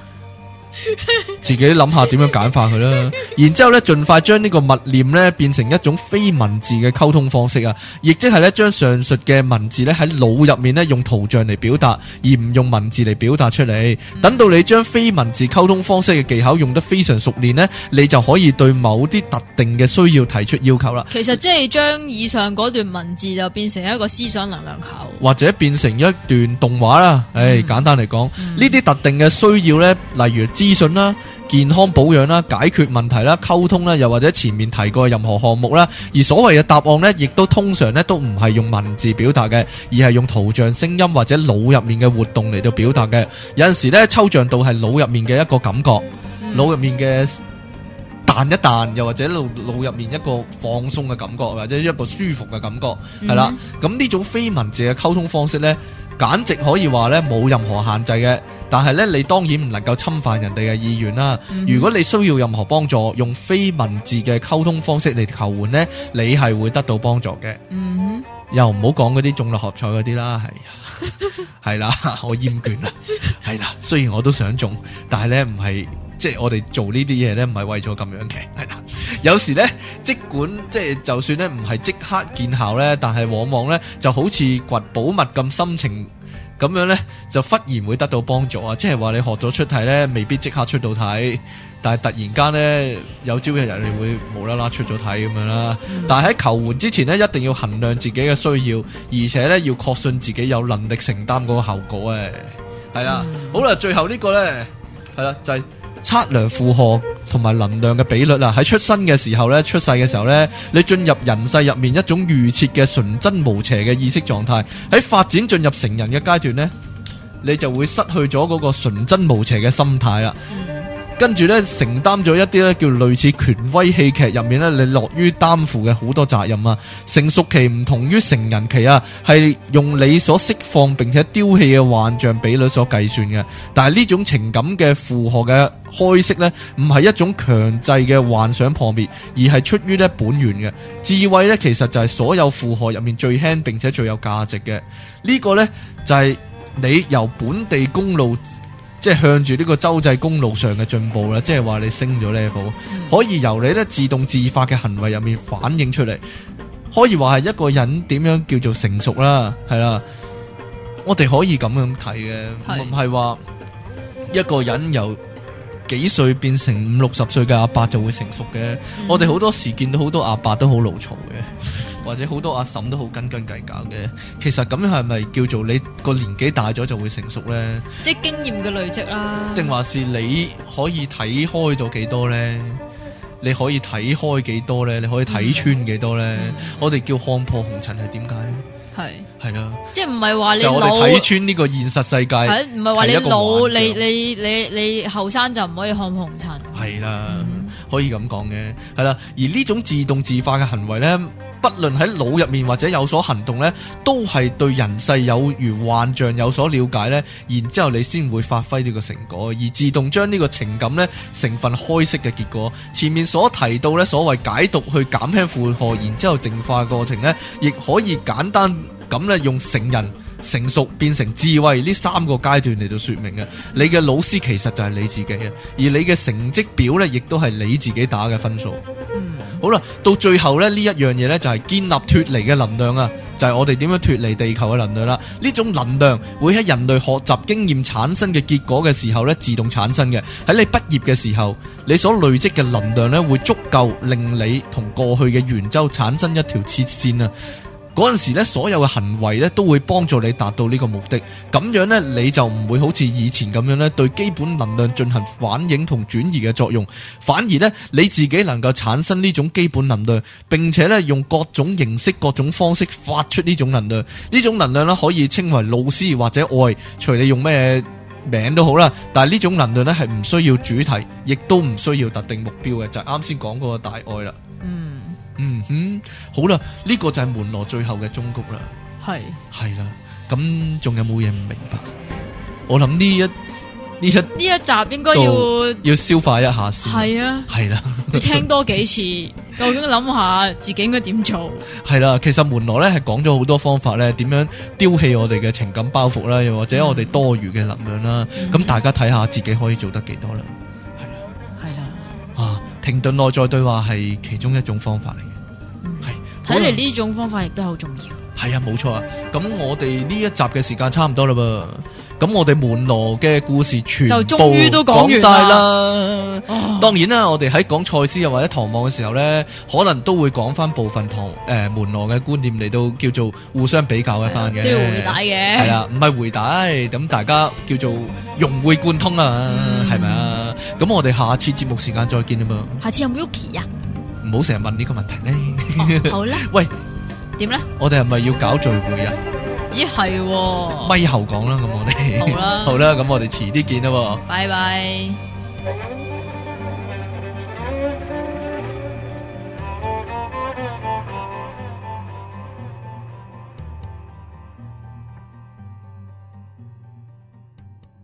自己諗下點樣簡化佢啦，然之後咧，盡快將呢個物念咧變成一種非文字嘅溝通方式啊，亦即係咧將上述嘅文字咧喺腦入面咧用圖像嚟表達，而唔用文字嚟表達出嚟。等到你將非文字溝通方式嘅技巧用得非常熟練呢，你就可以對某啲特定嘅需要提出要求啦。其實即係將以上嗰段文字就變成一個思想能量球，或者變成一段動畫啦。誒、哎，嗯、簡單嚟講，呢啲、嗯、特定嘅需要咧，例如資訊啦、健康保養啦、解決問題啦、溝通啦，又或者前面提過嘅任何項目啦，而所謂嘅答案呢，亦都通常呢，都唔係用文字表達嘅，而係用圖像、聲音或者腦入面嘅活動嚟到表達嘅。有陣時呢，抽象到係腦入面嘅一個感覺，腦入面嘅。嗯彈一彈，又或者腦腦入面一個放鬆嘅感覺，或者一個舒服嘅感覺，係啦、mm。咁、hmm. 呢種非文字嘅溝通方式呢，簡直可以話呢冇任何限制嘅。但係呢，你當然唔能夠侵犯人哋嘅意願啦。Mm hmm. 如果你需要任何幫助，用非文字嘅溝通方式嚟求援呢，你係會得到幫助嘅。嗯、mm hmm. 又唔好講嗰啲中六合彩嗰啲啦，係係啦，我厭倦啦，係啦。雖然我都想中，但係呢唔係。即係我哋做呢啲嘢呢，唔係為咗咁樣嘅，有時呢，即管即係就算呢，唔係即刻見效呢，但係往往呢，就好似掘寶物咁心情咁樣呢，就忽然會得到幫助啊！即係話你學咗出體呢，未必即刻出到體，但係突然間呢，有朝一日你會無啦啦出咗體咁樣啦。但係喺求援之前呢，一定要衡量自己嘅需要，而且呢，要確信自己有能力承擔嗰個後果誒。係啦，嗯、好啦，最後呢個呢，係啦，就係、是。測量負荷同埋能量嘅比率啊，喺出生嘅時候呢，出世嘅時候呢，你進入人世入面一種預設嘅純真無邪嘅意識狀態，喺發展進入成人嘅階段呢，你就會失去咗嗰個純真無邪嘅心態啦。跟住咧，承擔咗一啲咧叫類似權威戲劇入面咧，你樂於擔負嘅好多責任啊。成熟期唔同於成人期啊，係用你所釋放並且丟棄嘅幻象比率所計算嘅。但係呢種情感嘅負荷嘅開釋呢，唔係一種強制嘅幻想破滅，而係出於咧本源嘅智慧呢，其實就係所有負荷入面最輕並且最有價值嘅呢、呢個呢，就係、是、你由本地公路。即係向住呢個州際公路上嘅進步啦，即係話你升咗 level，嗯，可以由你咧自動自發嘅行為入面反映出嚟，可以話係一個人點樣叫做成熟啦，係啦，我哋可以咁樣睇嘅，唔係話一個人由。幾歲變成五六十歲嘅阿伯就會成熟嘅。嗯、我哋好多時見到好多阿伯都好老嘈嘅，或者好多阿嬸都好斤斤計較嘅。其實咁樣係咪叫做你個年紀大咗就會成熟呢？即係經驗嘅累積啦，定話係你可以睇開咗幾多呢？你可以睇開幾多呢？你可以睇穿幾多呢？嗯、我哋叫看破紅塵係點解呢？係係啦，即係唔係話你老睇穿呢個現實世界，係，唔係話你老，你你你你後生就唔可以看紅塵係啦，的嗯、哼可以咁講嘅係啦，而呢種自動自發嘅行為咧。不論喺腦入面或者有所行動呢，都係對人世有如幻象有所了解呢，然之後你先會發揮呢個成果，而自動將呢個情感呢成分開釋嘅結果。前面所提到呢，所謂解讀去減輕負荷，然之後淨化過程呢，亦可以簡單咁咧用成人成熟變成智慧呢三個階段嚟到說明嘅。你嘅老師其實就係你自己，而你嘅成績表呢，亦都係你自己打嘅分數。好啦，到最後咧，呢一樣嘢呢，就係建立脫離嘅能量啊，就係、是、我哋點樣脫離地球嘅能量啦。呢種能量會喺人類學習經驗產生嘅結果嘅時候咧，自動產生嘅。喺你畢業嘅時候，你所累積嘅能量咧，會足夠令你同過去嘅圓周產生一條切線啊。嗰陣時咧，所有嘅行為咧都會幫助你達到呢個目的。咁樣咧，你就唔會好似以前咁樣咧，對基本能量進行反應同轉移嘅作用。反而咧，你自己能夠產生呢種基本能量，並且咧，用各種形式、各種方式發出呢種能量。呢種能量咧可以稱為老師或者愛，隨你用咩名都好啦。但係呢種能量咧係唔需要主題，亦都唔需要特定目標嘅，就係啱先講嗰個大愛啦。嗯。嗯哼、嗯，好啦，呢、呢個就係門羅最後嘅終局啦。係係啦，咁仲有冇嘢唔明白？我諗呢一呢一呢一集應該要要消化一下先。先。係啊，係啦了，你聽多幾次， 究竟諗下自己應該點做？係啦，其實門羅咧係講咗好多方法咧，點樣丟棄我哋嘅情感包袱啦，又或者我哋多餘嘅能量啦。咁、嗯、大家睇下自己可以做得幾多啦。係啦，係啦了，啊，停頓內在對話係其中一種方法嚟。睇嚟呢種方法亦都好重要。係啊，冇錯啊。咁我哋呢一集嘅時間差唔多啦噃。咁我哋門羅嘅故事全就終於都講晒啦。完 當然啦、啊，我哋喺講賽斯又或者唐望嘅時候咧，可能都會講翻部分唐誒、呃、門羅嘅觀念嚟到叫做互相比較一番嘅。都要回帶嘅。係啊，唔係回帶。咁 大家叫做融會貫通啊，係咪啊？咁我哋下次節目時間再見啊嘛。下次有冇 Yuki 啊？唔好成日問呢個問題咧，哦，好啦， 喂，點咧？我哋係咪要搞聚會啊？咦係，哦，咪後講啦，咁我哋好啦吧，好啦，咁我哋遲啲見啦，拜拜。